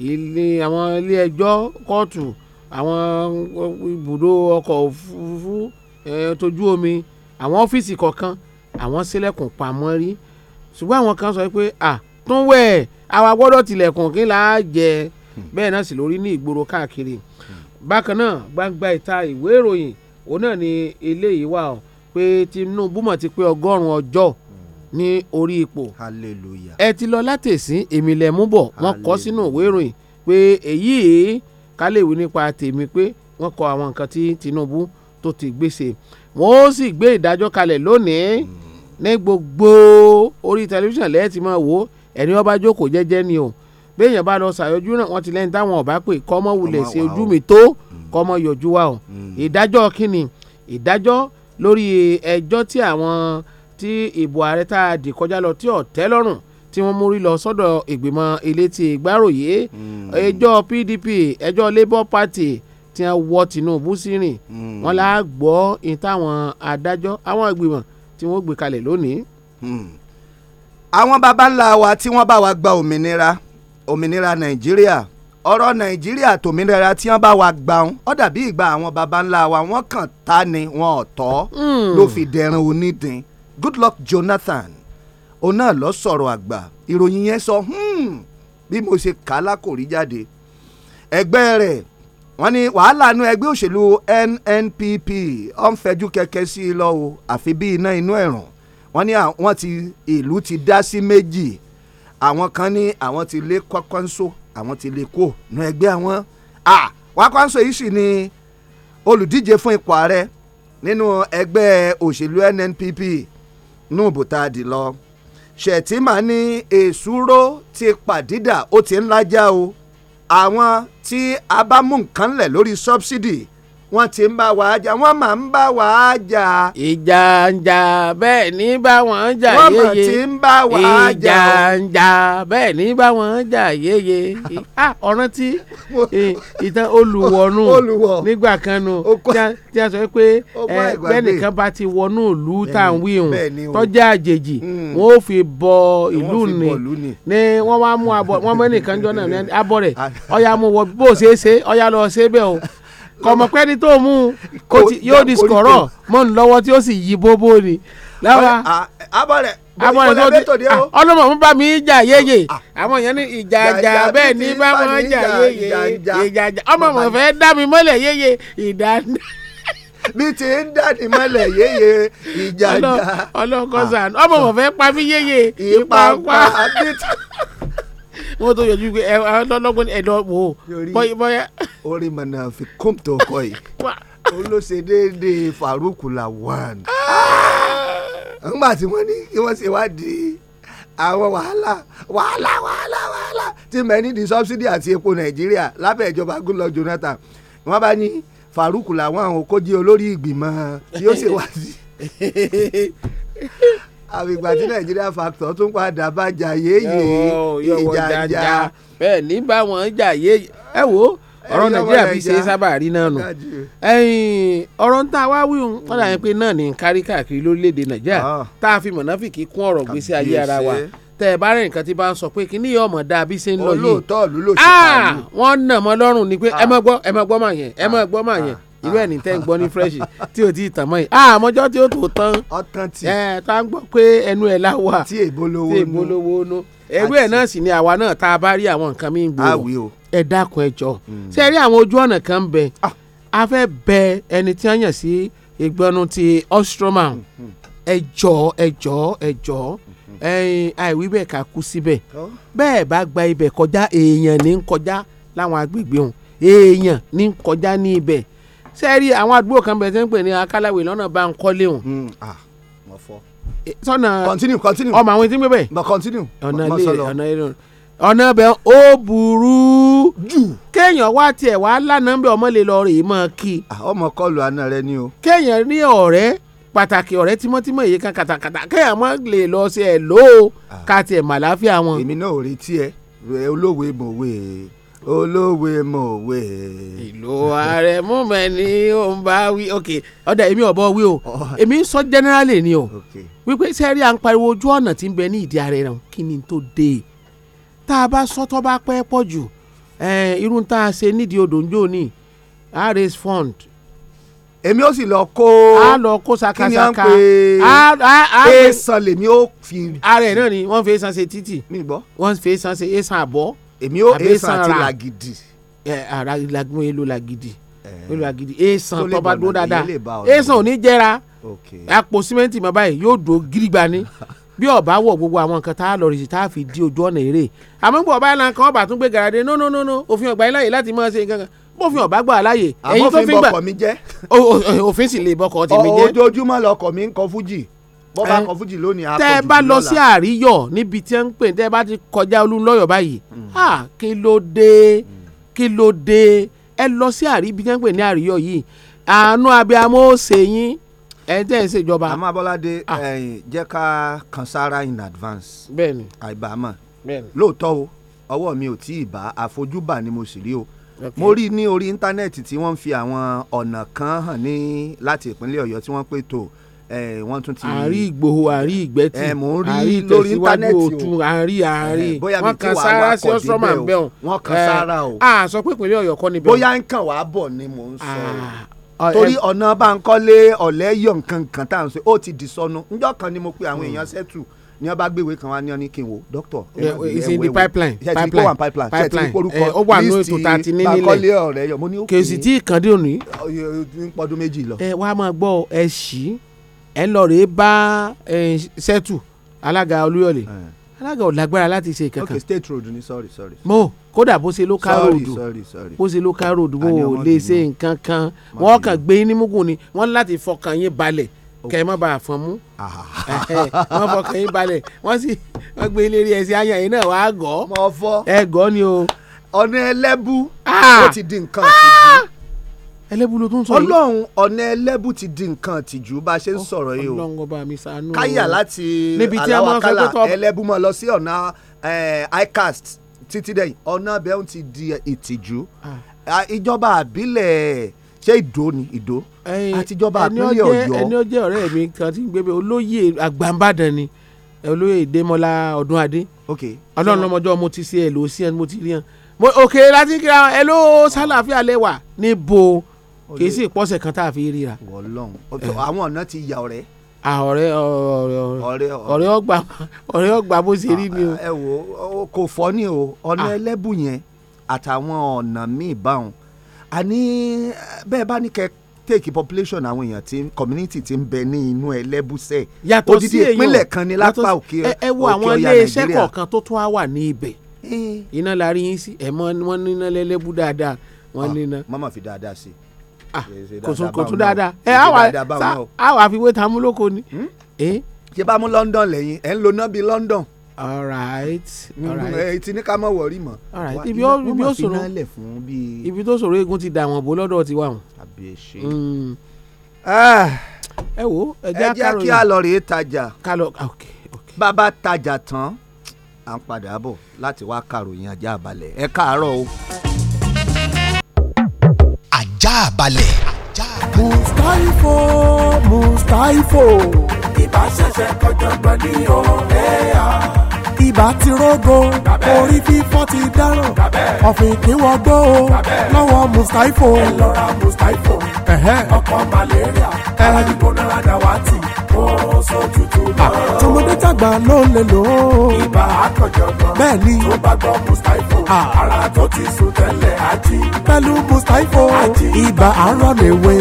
ilé àwọn ilé ẹjọ́ kóòtù àwọn ibùdó ọkọ̀ òfurufú tójú omi àwọn ọ́fíìsì kọ̀ọ̀kan àwọn sílẹ̀kùn pamọ́ rí ṣùgbọ́n àwọn kan sọ pé à tún wẹ̀ àwa gbọ́dọ̀ tilẹ̀kùn kí là á jẹ́ ẹ́ bẹ́ẹ̀ náà sì lórí ní ìgboro káàkiri bákan náà gbangba ìta ìwé ìròyìn òun náà ni eléyìí wà ó pé Tinubu mọ̀ ti pé ọgọ́rùn-ún ọjọ́ ní orí ipò hallelujah ẹ ti lọ látẹ̀sín èmi mú bọ̀ wọ́n kọ́ sínú ìwé ìròyìn pé èyí kálẹ̀wé nípa tèmi pé wọ́n kọ àwọn nǹkan tí Tinubu tó ti gbèsè wọ́n ó sì gbé ìdájọ́ kalẹ̀ lónìí hmm. ní gbogbo orí tẹlifíṣàn lẹ́ẹ̀tì máa wò ẹni wọ́n bá jókòó jẹ́jẹ́ ni o. Mm béèyàn bá lọ ṣàyọjú náà wọ́n ti lẹ́yìn táwọn ọ̀bá pè kọ́mọ wulẹ̀ ṣe ojú mi tó mm. kọ́mọ yọjú wa o mm. ìdájọ́ kínni ìdájọ́ lórí ẹjọ́ tí àwọn tí ìbò ààrẹ tá a dì kọjá lọ tí ọ̀tẹ́ lọ́rùn tí wọ́n mórí lọ sọ́dọ̀ ìgbìmọ̀ elétí ìgbáròyé mm. ẹjọ́ PDP ẹjọ́ Labour Party ti wọ́n wọ́ Tinubu sí rìn wọ́n lá gbọ́ ní táwọn adájọ́ àwọn ìgbìmọ̀ tí wọ́n gbé kalẹ̀ lónìí. àwọn baba ńlá wa tí wọ́n bá wa gba òmìnira. Hmm òmìnira nàìjíríà ọ̀rọ̀ nàìjíríà tòmìnira tí wọ́n bá wa gbàùn ó dàbí ìgbà àwọn baba ńlá wa wọ́n kàn ta ni wọn ò tọ́ hmm. ló fi dẹrùn onídìn Goodluck Jonathan òun náà lọ sọ̀rọ̀ àgbà ìròyìn yẹn sọ hmm, bí mo ṣe kà á lákòrí jáde ẹgbẹ́ rẹ̀ wọ́n ní wàhálà inú ẹgbẹ́ òṣèlú NNPP ó ń fẹjú kẹ̀kẹ́ sí i lọ́wọ́ àfi bí iná inú ẹ̀rùn wọ́n ní àwọn ti ìlú ti dá sí méjì àwọn kan ní àwọn ti lé Kwankwanso àwọn ti lé kó nu ẹgbẹ́ àwọn à Kwankwanso yìí sì ni olùdíje fún ipò ààrẹ nínú ẹgbẹ́ òṣèlú NNPP nù bùtà dì lọ Shettima ní èsúró ti pàdídà ó ti ń lájà o àwọn tí a bá mú nǹkan lẹ̀ lórí sọ́bsidì wọ́n ti ń bá wàá jà wọ́n máa ń bá wàá jà. ìjà ń jà bẹ́ẹ̀ ní bá wọn jà yéye. ti ń bá wàá jà. ìjà ń jà bẹ́ẹ̀ ní bá wọn jà yéye. ọ̀ràn tí ìtàn olùwọ̀nù nígbà kan nù tí a sọ pé bẹ́ẹ̀nìkan bá ti wọnú ìlú tá à ń wí hùn tọ́jà àjèjì hmm. wọ́n ò fi bọ ìlú ni ni wọ́n wá mú abọ́ wọ́n mẹ́nìkan jọ náà abọ́ rẹ̀ ọ̀ya mú wọ bó ṣe é ṣe ọ̀ya lọ ṣe bẹ́ẹ̀ o kọmọ pẹ́ni tó mú un yóò di sọ̀rọ̀ mọ́ ní lọ́wọ́ tí ó sì yí bóbó ni. abọ́rẹ̀ abọ́rẹ̀ tó di ọlọ́mọ mú bá mi jà yéye àwọn èèyàn ní ìjà jà bẹ́ẹ̀ ní bá wọn jà yéye ìjà jà ọmọ mọ̀ fẹ́ dá mi mọ́lẹ̀ yéye ìdá bí ti ń dàdí mọ́lẹ̀ yéye ìjà jà ọlọ́kọ̀ọ́sán ọmọ mọ̀ fẹ́ pa mí yéye ìpàpà wọ́n tó yọjú pé ọlọ́gbọ́n ẹ̀dọ́ wò ó bọ́yá. orin mana fi kóm tó kọ yìí òun ló ṣe déédéé Farouk ah. tí wọ́n ní kí wọ́n ṣe wádìí àwọn wàhálà wàhálà wàhálà wàhálà tí mẹ́ni di subsidy àti epo Nàìjíríà lábẹ́ ìjọba Goodluck Jonathan wọ́n bá ní Farouk Lawan òkójì olórí ìgbìmọ̀ yóò ṣe wádìí. àbígbà tí nàìjíríà factor tún padà bá jà yéye ìjàjà. bẹ́ẹ̀ ní báwọn jà yéye ẹ wo ọ̀rọ̀ nàìjíríà bí ṣe sábà rí náà nù ọ̀rọ̀ ń tà wá wíwùn wọ́n mm. yẹn pé náà ní kárí káàkiri lórílẹ̀ nàìjíríà ah. tá a fi mọ̀nàfìkì kún ọ̀rọ̀ gbèsè ayé ara wa tẹ ẹ bá rẹ nǹkan tí bá ń sọ pé kí ni yóò mọ̀ dáa bí ṣe ń lọ yìí olóòótọ́ ló lò sí pàlú. wọ́n nà mọ́ lọ́rùn ni pé ẹ ah. má gbọ́ ẹ má gbọ́ mà yẹn ẹ má ah. gbọ́ mà yẹn irú ẹ̀ ní tẹ́ ń gbọ́ ní fresh tí o ti tàn mọ́ yìí ah àmọ́jọ́ tí o tó tán ọ̀tàn tì ẹ̀ tá ń gbọ́ pé ẹnu ẹ̀ la wà tí èbolówó nú ẹrú ẹ̀ náà sì ni àwa náà tá a bá rí àwọn nǹkan mí gbòòrò ẹ dákun ẹ jọ hmm. ṣe rí àwọn ojú ọ̀nà kan ń bẹ ah. a fẹ́ bẹ ẹni tí wọ́n yàn sí ìgbọ́nu ti Ostroma hmm. ẹ jọ ẹ jọ ẹ jọ hmm. ẹyin àìwí bẹ́ẹ̀ ká kú síbẹ̀ bẹ́ẹ̀ bá gba ibẹ̀ kọjá èèyàn ní kọjá láwọn agbègbè ọ̀hún èèyàn ní kọjá ní ibẹ̀ ṣe rí àwọn àdúgbò kan bẹ̀rẹ̀ tí wọ́n ń pè ní akálàwé lọ́nà bá ń kọ́lé wọn. Hmm, ah, eh, sọ́nà continue continue ọmọ àwọn tí ń gbé bẹ́ẹ̀. continue ọ̀nà ilé ọ̀nà ilé ọ̀nà ibẹ̀ ó burú jù kéèyàn wá tiẹ̀ wá lánàá bí ọmọ lè lọ rè é mọ́ kí. ọmọ ah, kọlù àna rẹ ni o. kéèyàn ní ọ̀rẹ́ pàtàkì ọ̀rẹ́ tímọ́tímọ́ yìí kan kàtàkàtà kéèyàn mọ́ lè lọ sí ẹ̀ lóò ah. ká tiẹ̀ màláfíà wọn. èmi náà ò retí ẹ olówó ìbòwe olówe mọ̀wé. ìlò ààrẹ mọ̀mọ́ ni ó ń bá wí ok ọ̀dà èmi ọ̀bọ wí o èmi ń sọ generally ni o wípé sẹ́rí à ń pariwo ojú ọ̀nà tí ń bẹ ní ìdí ààrẹ rẹ̀ kí ni tó dé tá a bá sọ bá pẹ́ pọ̀ jù eh, irú tá a ṣe nídìí odò ń jò ní rs fund. èmi ó sì lọ kó a lọ kó sakasaka kí ni à ń pè é sàn lèmi ó fi. ààrẹ náà ni wọ́n fi é san ṣe títì wọ́n fi é san ṣe é san àbọ̀ èmi ó èsàn àti làgìdì. ara mo èlò làgìdì èlò làgìdì èsàn tó bá dúró dáadáa èsàn ò ní jẹra àpò símẹ́ǹtì mọ́ báyìí yóò dúró gírígbà ni bí ọba wọ gbogbo àwọn nǹkan tá a lọ rèsì tá a fi di ojú ọ̀nà eré àmọ́ gbọ́ ọba náà kan ọba tún gbé garade no no no no òfin ọgbà yín láàyè láti máa ṣe nǹkan kan bófin ọba gbà láàyè ẹ̀yin tó fi gbà àmọ́ òfin bọkọ mi jẹ́ òfin sì lè bọkọ tèmi jẹ́ ojoojúmọ́ lọkọ mi ń kọ fújì bọ́ bá kọ fújì lónìí àpọ̀jù tẹ́ ẹ bá lọ sí àríyọ̀ níbi tí ẹ ń pè tẹ́ ẹ bá ti kọjá olúńlọ́yọ̀ báyìí hmm. à kí ló dé hmm. kí ló dé ẹ lọ sí àríbi tẹ́ ń pè ní àríyọ̀ yìí àánú abiyamọ ṣe yín ẹ tẹ́ ẹ ṣèjọba. àmọ́ abọ́ládé jẹ́ ká kan sára in advance. bẹ́ẹ̀ni àìbámọ̀ lóòótọ́ o ọwọ́ mi ò tí ì bá àfojúbà ni mo sì rí o mo rí ní orí íńtánẹ́ẹ̀tì tí wọ́n ń fi àwọn ọ̀nà kan hàn ní láti ìpínlẹ̀ ọ̀yọ́ tí wọ́n pè tó o wọ́n tún ti. àárí ìgbòho àárí ìgbẹ́tì àárí ìtẹ̀síwájú òtún àárí àárí wọ́n kan sára sí ọ́sọ́mà ń bẹ̀ wọ́n kan sára o. a sọ pé ìpínlẹ̀ ọ̀yọ́ kọ́ níbẹ̀. bóyá ń kàn wá bọ̀ ni mò ń sọ torí ọ̀nà Bánkọ́lé ọ̀lẹ́ yọ̀ nǹkan kan tá à ń sọ ó ti dì sọnù ńjọ́ kan ni mo pe àwọn èèyàn sẹ́tù ní ọba gbéwèé kan wá ní ọní kí n wò dókítà. is in the pipeline pipeline pipeline Pipeline. ó wà ní ètò tá a ti ní nílẹ̀ kèsì tí ìkàndé òní. ọdún méjì lọ. ẹ wàá máa gbọ́ ẹ ṣí ẹ̀ ń lọ rèé bá sẹ́tù alága olúyọ̀lé alága ò láti ṣe kankan. ok state road ni sorry sorry. mo kódà bó ṣe local road bó ṣe local road bó lè ṣe nǹkan kan wọ́n kàn gbé yín ní mugun ni wọ́n láti fọkàn yín balẹ̀ kẹ́ ẹ má bàa fọ́n mú ah. wọ́n fọkàn yín balẹ̀ wọ́n sì wọ́n gbé eléré ẹsẹ̀ ayàn yín náà wàá gọ́ ẹ gọ́ ni o. ọ̀nà ẹlẹ́bù ah. ó ti di nǹkan ọ̀sìn ẹlẹ́bù ló tún sọ yìí. ọlọ́run ọ̀nà ẹlẹ́bù ti di nǹkan tìjú bá a ṣe ń sọ̀rọ̀ yìí o ọlọ́run ọba mi ṣàánú. káyà láti aláwakálà ẹlẹ́bù mọ̀ lọ sí ọ̀nà eh, icast títí dẹ́yìn ọ̀nà bẹ́ẹ̀ ti di ìtìjú ah. ìjọba àbílẹ̀ ṣé ìdó ni ìdó àtijọba àpínlẹ̀ ọ̀yọ́. ẹni ó ọ̀rẹ́ mi kan tí ń gbé bẹ́ẹ̀ olóyè àgbàǹbàdàn ni olóyè ìdèmọ́lá ọ̀dúnadé ọlọ́run ọmọjọ́ mo ti ṣe ẹ̀ lọ́ọ́ sí ẹ̀ mo ti rí ẹ̀ òkè láti kíra ẹ̀ ló sálàáfíà lẹ́wà níbo kì í sì pọ́sẹ̀ kan tá a fi ríra. wọ́lọ́n eh. àwọn ọ̀nà ti yà ọ̀rẹ́. ọ̀rẹ́ ọ̀rẹ́ ọ̀rẹ́ ọgbà ọ̀rẹ́ ọgbà bó ṣe rí ni o. Ah, ẹ wo kò fọ́ ni o ọ̀nà ah. ẹlẹ́bù yẹn àtàwọn ọ̀nà míì báwọn a ní bẹ́ẹ̀ bá ní kẹ́ take population àwọn èèyàn tí community tí ń bẹ ní inú ẹlẹ́bùsẹ̀ odidi ìpínlẹ̀ kan ní lápá òkè ọ̀yà nàìjíríà. ẹ wo àwọn iléeṣẹ́ kọ̀ọ̀kan tó tún á wà ní ibẹ̀ eh. iná la rí yín sí ẹ̀ mọ́ wọn níná lẹ́lẹ́bù dáadáa wọn ah, níná. mọ́mọ́ fi dáadáa sí i. Ah, kò tún dáadáa ẹ á wà fi wé tamú lóko ni. Hmm? ṣé bá mú London lẹ́yìn ẹ̀ ń lo náà bíi London. all right hmm, all right ẹ ti ní ká mọ̀ wọ̀rí mọ̀. all right ibi ó ibi ó ṣòro ibi tó ṣòro eégún ti dà wọ́n bó lọ́dọ̀ ti wà wọ́n. ẹ hmm. ah. wo ẹ jẹ́ kí a lọ rèé tajà ah, bàbá tajà tán à ń padà bọ̀ láti wá kàròyìn ajá balẹ̀ ẹ káàárọ̀ o ajá balẹ̀. mustaifo mustaifo ibà ṣẹ̀ṣẹ̀ kọjọgbọ́n ní oea. ibà ti rógo orí fífọ́ ti dáràn ọ̀fìn kí wọ́n gbó o lọ́wọ́ mustaifo. ẹ lọ ra mustaifo ọkọ̀ malaria aládìgbóná àdáwátì ó sọ tútù náà. Ah, tọmọdé tàgbà ló ń lè lò ó. ibà àkànjọ̀gbọ́n bẹ́ẹ̀ ni tó bá gbọ́ mustapho ah. ara tó ti sùn tẹ́lẹ̀ àjí. pẹ̀lú mustapho ibà arọ lèwe.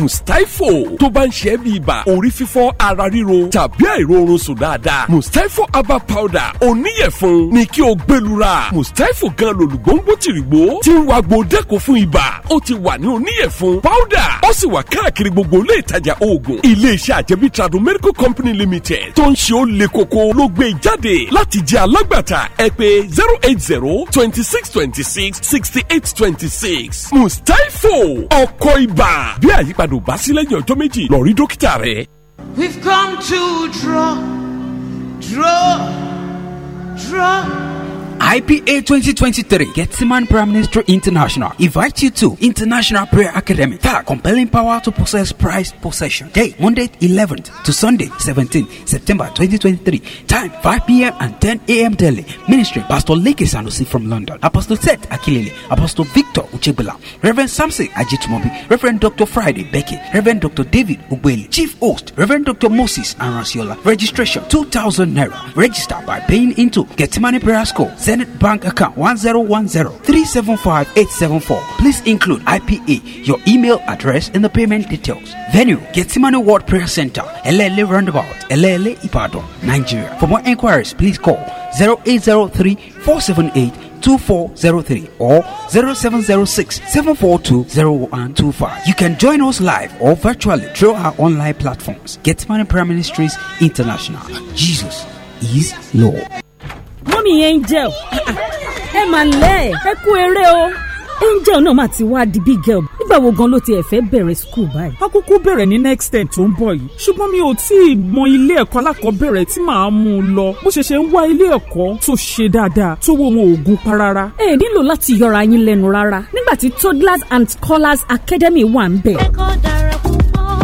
mustapho tó bá ń ṣe é bí ibà orí fífọ́ ara ríro tàbí àìróorun sùn dáadáa mustapho herbal powder oníyẹ̀fun ni kí o gbẹlura mustapho gan lòlùgbòǹgbò tìrìgbò ti ń wa gbòdẹ́kọ̀ fún ibà ó ti wà ní oníyẹ̀fun powder ó sì wà káàkiri gbogbo ilé ìtajà oògùn iléeṣẹ́ àjẹmí tradu medical company limited tó ń ṣe ó le koko ló gbé e jáde láti jẹ́ alágbàtà ẹ pè zero eight zero twenty six twenty six sixty eight twenty six mustapho ọkọ ibà bí àyípadà ò bá sí lẹ́yìn ọjọ́ méjì lọ rí dókítà rẹ. we've come to draw draw draw. IPA 2023 Getsiman Prime Minister International invite you to International Prayer Academy. That compelling power to possess prize possession. Day Monday 11th to Sunday 17th September 2023. Time 5 p.m. and 10 a.m. daily. Ministry Pastor Leke Sanusi from London. Apostle Seth Akilele. Apostle Victor Uchebula. Reverend Samson Ajitmobi. Reverend Dr. Friday Becky. Reverend Dr. David Ugbeli. Chief host Reverend Dr. Moses Arasiola. Registration 2,000 Naira. Register by paying into Getsemani Prayer School. Senate Bank account 1010-375-874. Please include IPA, your email address, and the payment details. Venue, Getsimani World Prayer Center, Elele Roundabout, Elele Ibadan, Nigeria. For more inquiries, please call 0803-478-2403 or 0706-742-0125. You can join us live or virtually through our online platforms. Getsimani Prime Ministries International. Jesus is Lord. mọ́mí angel ẹ mà lẹ́ ẹ kú eré o angel náà mà ti wá di big girl nígbà wo gan ló ti ẹ̀fẹ́ bẹ̀rẹ̀ school báyìí. a kúkú bẹ̀rẹ̀ ní next term tó ń bọ̀ yìí ṣùgbọ́n mi ò tí ì mọ ilé ẹ̀kọ́ alákọ̀ọ́bẹ̀rẹ̀ tí màá mú un lọ bó ṣe ṣe ń wá ilé ẹ̀kọ́ tó ṣe dáadáa tó wo wọn òògùn pa rárá. ẹ nílò láti yọra yín lẹ́nu rárá nígbà tí toddlers and scholars academy wà ń bẹ̀. ẹ̀kọ́ dára kú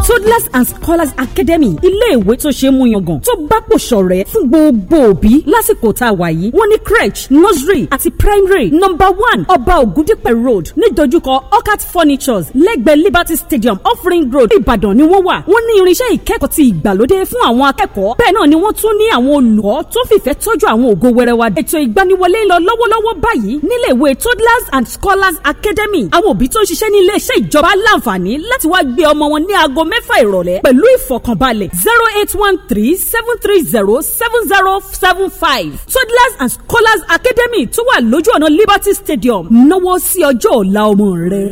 toddlers and scholars academy iléèwé tó ṣe é mú yangàn tó bá pò ṣọ̀rẹ́ fún gbogbo òbí lásìkò tá a wà yìí wọ́n ní crèche nursery àti primary number one ọba ògúndípẹ̀ road nídojúkọ orchard furnitures lẹ́gbẹ̀ẹ́ liberty stadium offering road ìbàdàn ni wọ́n wà wọ́n ní irinṣẹ́ ìkẹ́kọ̀ọ́ ti ìgbàlódé fún àwọn akẹ́kọ̀ọ́ bẹ́ẹ̀ náà ni wọ́n tún ní àwọn olùkọ́ tó fìfẹ́ tọ́jú àwọn ògo wẹrẹ wa ètò ìgbaniwọlé ń lọ lọ́wọ́lọ́wọ́ báyìí nílé ìwé toddlers and scholars academy àwọn òbí tó ń ṣiṣẹ́ ní iléeṣẹ́ ìjọba láǹfààní láti wá gbé ọmọ wọn ní aago mẹ́fà ìrọ̀lẹ́ pẹ̀lú ìfọ̀kànbalẹ̀ zero eight one three seven three zero seven zero seven five toddlers and scholars academy tó wà lójú ọ̀nà liberty stadium náwó sí ọjọ́ ọ̀la ọmọ rẹ.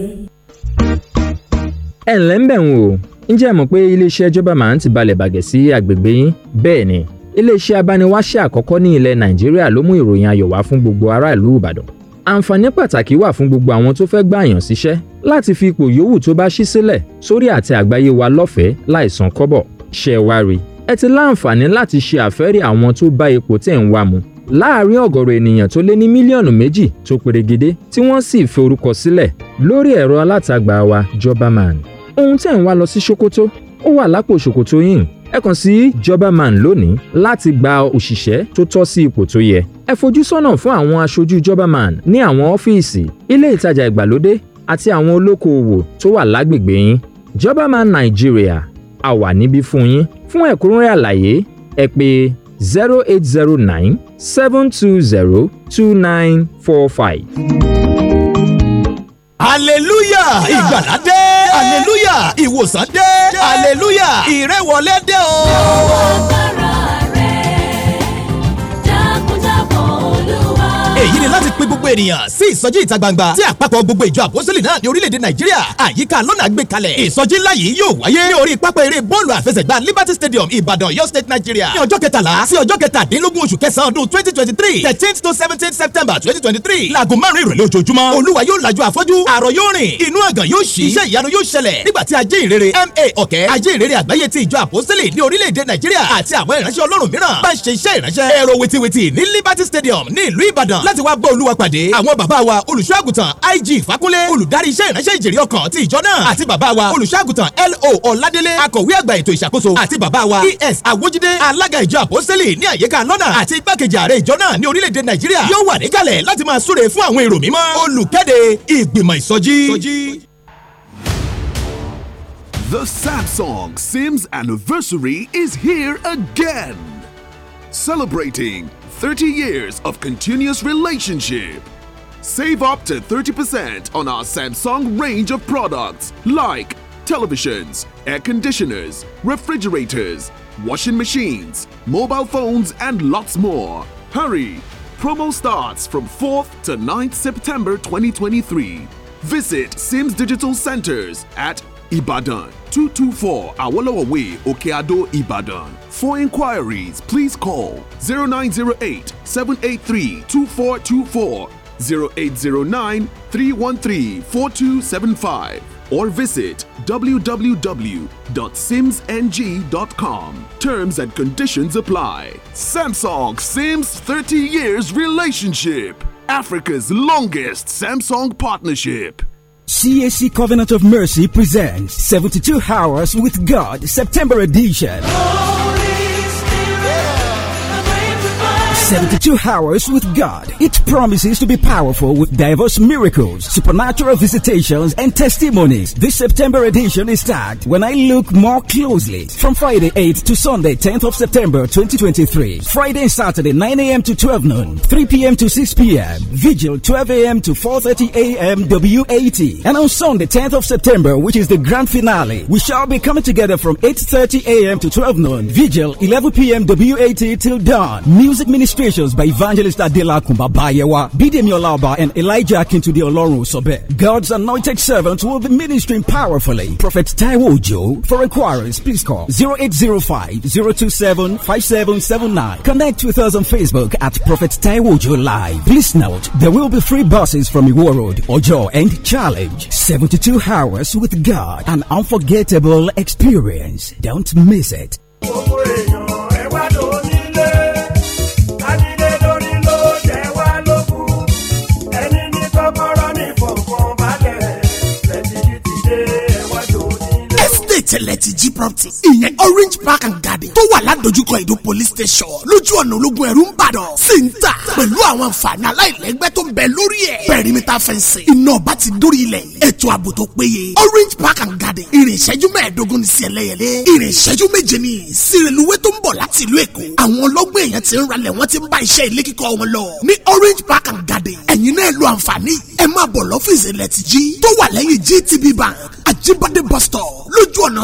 ẹ ǹlẹ́ ń bẹ̀ ń wò ǹjẹ́ ẹ mọ̀ pé iléeṣẹ́ ìjọba máa ń ti balẹ̀ bàgẹ́ sí agbègbè yín bẹ́ẹ̀ ni iléeṣẹ́ abániwáṣẹ́ àkọ́kọ́ ní ilẹ̀ nàìjíríà ló mú ìròyìn ayọ̀ wá fún gbogbo aráàlú ìbàdàn àǹfààní pàtàkì wà fún gbogbo àwọn tó fẹ́ gbàyàn síṣẹ́ láti fi ipò yòówù tó bá ṣí sílẹ̀ sórí àtẹ àgbáyé wa lọ́fẹ̀ẹ́ láìsan kọ́bọ̀ ṣe wá rí ẹ ti láǹfààní láti ṣe àfẹ́rí àwọn tó bá ipò tẹ̀ ń wá mu láàárín ọ̀gọ̀rọ̀ ènìyàn tó lé ní mílíọ̀nù méjì tó perégedé tí wọ́n sì forúkọ sílẹ̀ lórí ẹ̀rọ alátagbà wa jobberman ohun tẹ̀ ń wá lọ sí ṣòkòtò ó wà lápò ṣòkòtò yín ẹ kàn sí jobberman lónìí láti gba òṣìṣẹ́ tó tọ́ sí ipò tó yẹ. ẹ fojú sọ́nà fún àwọn aṣojú jobberman ní àwọn ọ́fíìsì ilé ìtajà ìgbàlódé àti àwọn olókoòwò tó wà lágbègbè yín. jobberman nàìjíríà a wà níbí fún yín fún ẹ̀kúnrẹ́rẹ́ àlàyé ẹ pè zero eight zero nine seven two zero two nine four five aleluya ah. ìgbàlá dé aleluya ah. ìwòsàn dé aleluya ah. ìrẹ́wọlé dé o. gbogbo ènìyàn sí ìsọjí ìta gbangba tí àpapọ̀ gbogbo ìjọ àpọ́sítélì náà ní orílẹ̀-èdè nàìjíríà àyíká lọ́nà gbé kalẹ̀ ìsọjí ńlá yìí yóò wáyé ní orí pápá eré bọ́ọ̀lù àfẹsẹ̀gbá liberty stadium ìbàdàn Yor state nigeria ní ọjọ́ kẹtàlá sí ọjọ́ kẹtàdínlógún oṣù kẹsàn-án ọdún twenty twenty three thirteenth to seventeenth september twenty twenty three laago márùn ìrọ̀lẹ́ ojoojúmọ́ olúwa yóò lajú àfọ́jú àrọ̀ yóò rìn inú àgàn yóò ṣí iṣẹ́ ìyanu yóò ṣẹlẹ̀ nígbà tí ajé ìrere ma ọ̀kẹ́ ajé ìrere àgbáyé ti ìjọ àpọ́sítélì ní orílẹ̀-èdè nàìjíríà àti àwọn ìránṣẹ́ ọlọ́run mìíràn bá ń ṣe iṣẹ́ ìránṣẹ́ ẹ̀rọ wìtìwìtì ní liberty stadium ní ìlú ìbàdàn láti wá bá olúwa pàd pàdé àwọn bàbá wa olùṣọ́àgùtàn IG Fákúnlé olùdarí iṣẹ́ ìránṣẹ́ ìjèrè ọkàn ti ìjọ náà àti bàbá wa olùṣọ́àgùtàn LO Ọládélé akọ̀wé àgbà ètò ìṣàkóso àti bàbá wa ES Awójídé alága ìjọ àpọ́sẹ́lì ní àyíká lọ́nà àti igbákejì ààrẹ ìjọ náà ní orílẹ̀-èdè Nàìjíríà yóò wà níkàlẹ̀ láti máa súre fún àwọn èrò mímọ́ olùkéde ìgbìmọ̀ ìsọjí. The Samsung Sims anniversary is here again, celebrating 30 years of continuous relationship. Save up to 30% on our Samsung range of products like televisions, air conditioners, refrigerators, washing machines, mobile phones, and lots more. Hurry! Promo starts from 4th to 9th September 2023. Visit Sims Digital Centers at Ibadan, 224 Awolowo Way, Okeado, Ibadan. For inquiries, please call 0908 783 2424, 0809 313 4275, or visit www.simsng.com. Terms and conditions apply. Samsung Sims 30 Years Relationship, Africa's longest Samsung partnership. CAC Covenant of Mercy presents 72 Hours with God, September edition. 72 hours with God. It promises to be powerful with diverse miracles, supernatural visitations, and testimonies. This September edition is tagged When I Look More Closely from Friday 8th to Sunday 10th of September 2023. Friday and Saturday 9 a.m. to 12 noon, 3 p.m. to 6 p.m. Vigil 12 a.m. to 4.30 a.m. WAT. And on Sunday 10th of September, which is the grand finale, we shall be coming together from 8.30 a.m. to 12 noon. Vigil 11 p.m. WAT till dawn. Music Ministry illustrations by evangelist Adela Kumbabayewa, Bidemi Olaba, and Elijah Akintude Olorun Sobe. God's anointed servants will be ministering powerfully. Prophet Taiwo Joe. For inquiries, please call 0805-027-5779. Connect with us on Facebook at Prophet Taiwo Joe Live. Please note, there will be free buses from Iwo Road, Ojo, and Challenge. 72 hours with God. An unforgettable experience. Don't miss it. ṣẹlẹ̀ jí property. ìyẹn orange park and garden tó wà ládojúkọ ìdó police station lójú ọ̀nà ológun ẹ̀rú ń bàdàn sí ń tà pẹ̀lú àwọn àǹfààní aláìlẹ́gbẹ́ tó ń bẹ lórí ẹ̀. pẹ̀rímítà fẹ́ǹsì iná ọba ti dórí ilẹ̀ ètò ààbò tó péye orange park and garden ìrìn ìṣẹ́jú mẹ́ẹ̀ẹ́dógún ní sí ẹlẹ́yẹlé ìrìn ìṣẹ́jú méje ní sírèlúwé tó ń bọ̀ láti ìlú èkó àwọn ọlọ́gbọ́n èèyàn ti ń ralẹ̀ wọ́n ti ń orange park and garden ẹ̀yin náà lo àǹfààní ẹ máa bọ̀ lọ́fíìsì lẹ́tìjí gtb bank àjíbádé bus stop lójú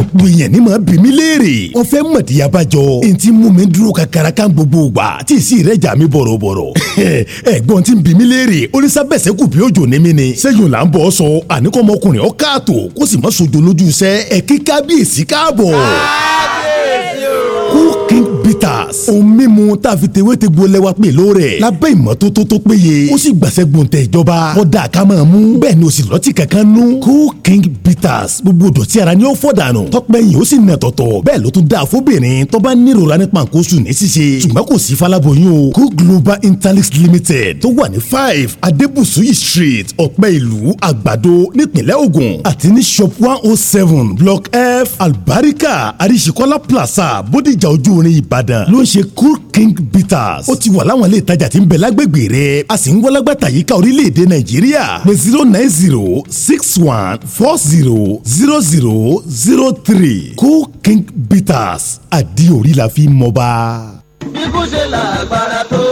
ọ̀pọ̀ èèyàn ní máa bí mi léèrè wọ́n fẹ́ mọ̀dí abájọ n ti mú mi dúró ka karaka gbogbo gbà tí ì sí ìrẹ́jà mi bọ̀rọ̀bọ̀rọ̀ ẹ̀gbọ́n ti bí mi léèrè onísàbẹ̀sẹ̀ kù bí òjò ní mi ni sẹ́yìn là ń bọ̀ sọ àníkọ́mọkùnrin ọ̀ káàtó kó sì má sojo lójú iṣẹ́ ẹ̀ kí kábíyèsí káàbọ̀. Vanitas ohun mímu tá a fi tewé te gbolẹ̀ wa pè lóore lábẹ́ ìmọ́tótó tó péye ó sì gbàsẹ́ gbòǹtẹ̀ ìjọba kọ́dà ká máa mú bẹ́ẹ̀ ni o sì lọ́tì kankan nú Cool King Bitters gbogbo dọ̀tí ara ni ó fọ̀ dànù tọpẹ́yìn ó sì nà tọ̀tọ̀ bẹ́ẹ̀ ló tún dáa fóbìnrin tó bá nírora ní pàǹkóṣù ní ṣíṣe ṣùgbọ́n kò sí falaboyún o Cool Global Interlix Limited tó wà ní five Adébùsúyì Street ọ̀pẹ́ ìlú àgbàdo nípìnlẹ̀ Ògùn àti ní shop one oh seven block F Albarika Arisikola Plaza Bódìjà ojú orin Ìbàdàn ìbàdàn ló ń ṣe cool king bitters ó ti wà láwọn ilé ìtajà tí ń bẹ lágbègbè rẹ a sì ń wọ́lágbàtà yìí ká orílẹ̀-èdè nàìjíríà pé zero nine zero six one four zero zero zero zero three cool king bitters àdìorí la fi mọba ikú ṣe làgbára tó.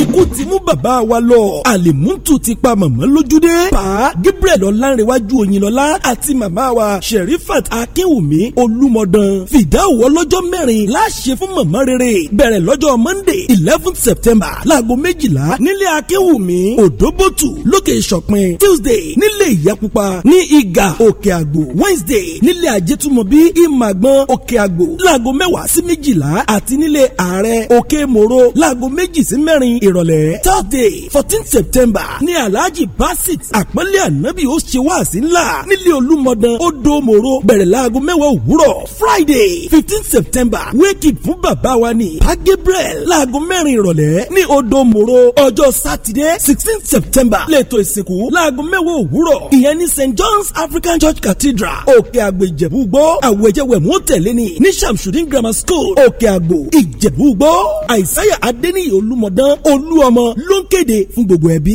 ikú ti mú bàbá wa lọ àlèmútù ti pa màmá lójúdé pa gabriel ọlárẹ̀wájú òyìnlọ́lá àti màmá wa sherifat akínwùmí olúmọdán fìdáwọ́ lọ́jọ́ mẹ́rin láṣẹ fún màmá rere bẹ̀rẹ̀ lọ́jọ́ monday eleven september láago méjìlá nílé akínwùmí òdòbòtù lókè ìṣọ̀pin tuesday nílé ìyàpupa ní ìgà òkè àgbò wednesday nílé àjẹtùmọ̀bí ìmàgbọ́n òkè àgbò láago mẹ́wàá sí méjìlá àti nílé ààrẹ bẹ òkè mòro láago méjì sí mẹ́rin ìrọ̀lẹ́ thursday fourteen september ní alhaji basit àpọ́nlé ànábì ó ṣe wáàsí ńlá nílé olúmọdán ó do mòro bẹ̀rẹ̀ láago mẹ́wàá òwúrọ̀ friday fifteen september wake it fún bàbá wa ní pa gabriel láago mẹ́rin ìrọ̀lẹ́ ní odo moro. ọjọ́ Saturday, sixteen september lẹ́tọ̀ ìsìnkú láago mẹ́wàá òwúrọ̀ ìyẹn ní st john's african church cathedral òkè àgbèjẹ̀bú gbọ́ àwẹ̀jẹ̀wẹ̀mú tẹ̀lé ni ní shamsuddin grammar school òkè àgbò ìjẹ̀bú gbọ́ àìsáyà adẹ́niyè olúmọdán olú ọmọ ló ń kéde fún gbogbo ẹbí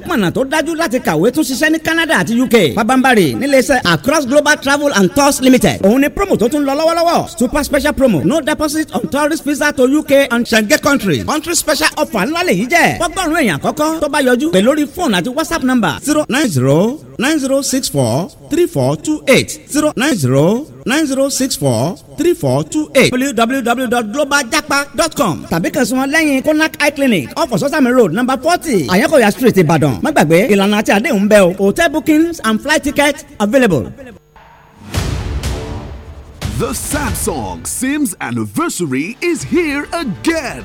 lójúpọ̀nà tó dájú láti kàwé tún ṣiṣẹ́ ní Canada àti UK pabambari níléeṣẹ́ Across Global Travel and Tours Limited òun ni promo tó tún lọ lọ́wọ́lọ́wọ́ super special promo no deposit on tourist visa to UK and Schengen country country special offer ńlá lèyí jẹ́ fọ́gbọ́n ọ̀run èèyàn àkọ́kọ́ tó bá yọjú pè fóònù àti WhatsApp number zero nine zero nine zero six four three four two eight zero nine zero nine zero six four three four two eight www.globaljapa.com tàbí kàn sí lẹ́yìn konak eye clinic off ososami road number forty àyànkòyà street ìbàdàn má gbàgbé ìlànà àti àdéhùn ń o hotel bookings and flight tickets available. The Samsung Sims anniversary is here again,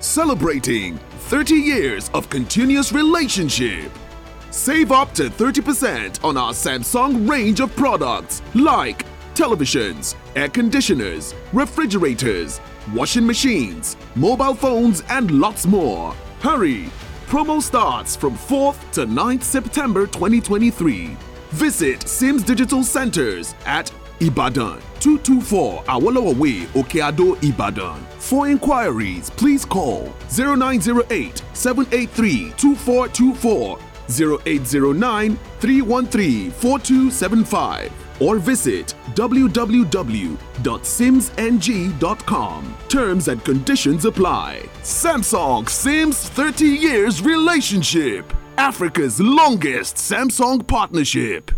celebrating 30 years of continuous relationship. Save up to 30% on our Samsung range of products like televisions, air conditioners, refrigerators, washing machines, mobile phones, and lots more. Hurry! Promo starts from 4th to 9th September 2023. Visit Sims Digital Centers at Ibadan, 224 Awolowo Way, Okeado, Ibadan. For inquiries, please call 0908 783 2424 0809 313 4275 or visit www.simsng.com. Terms and conditions apply. Samsung Sims 30 years relationship. Africa's longest Samsung partnership.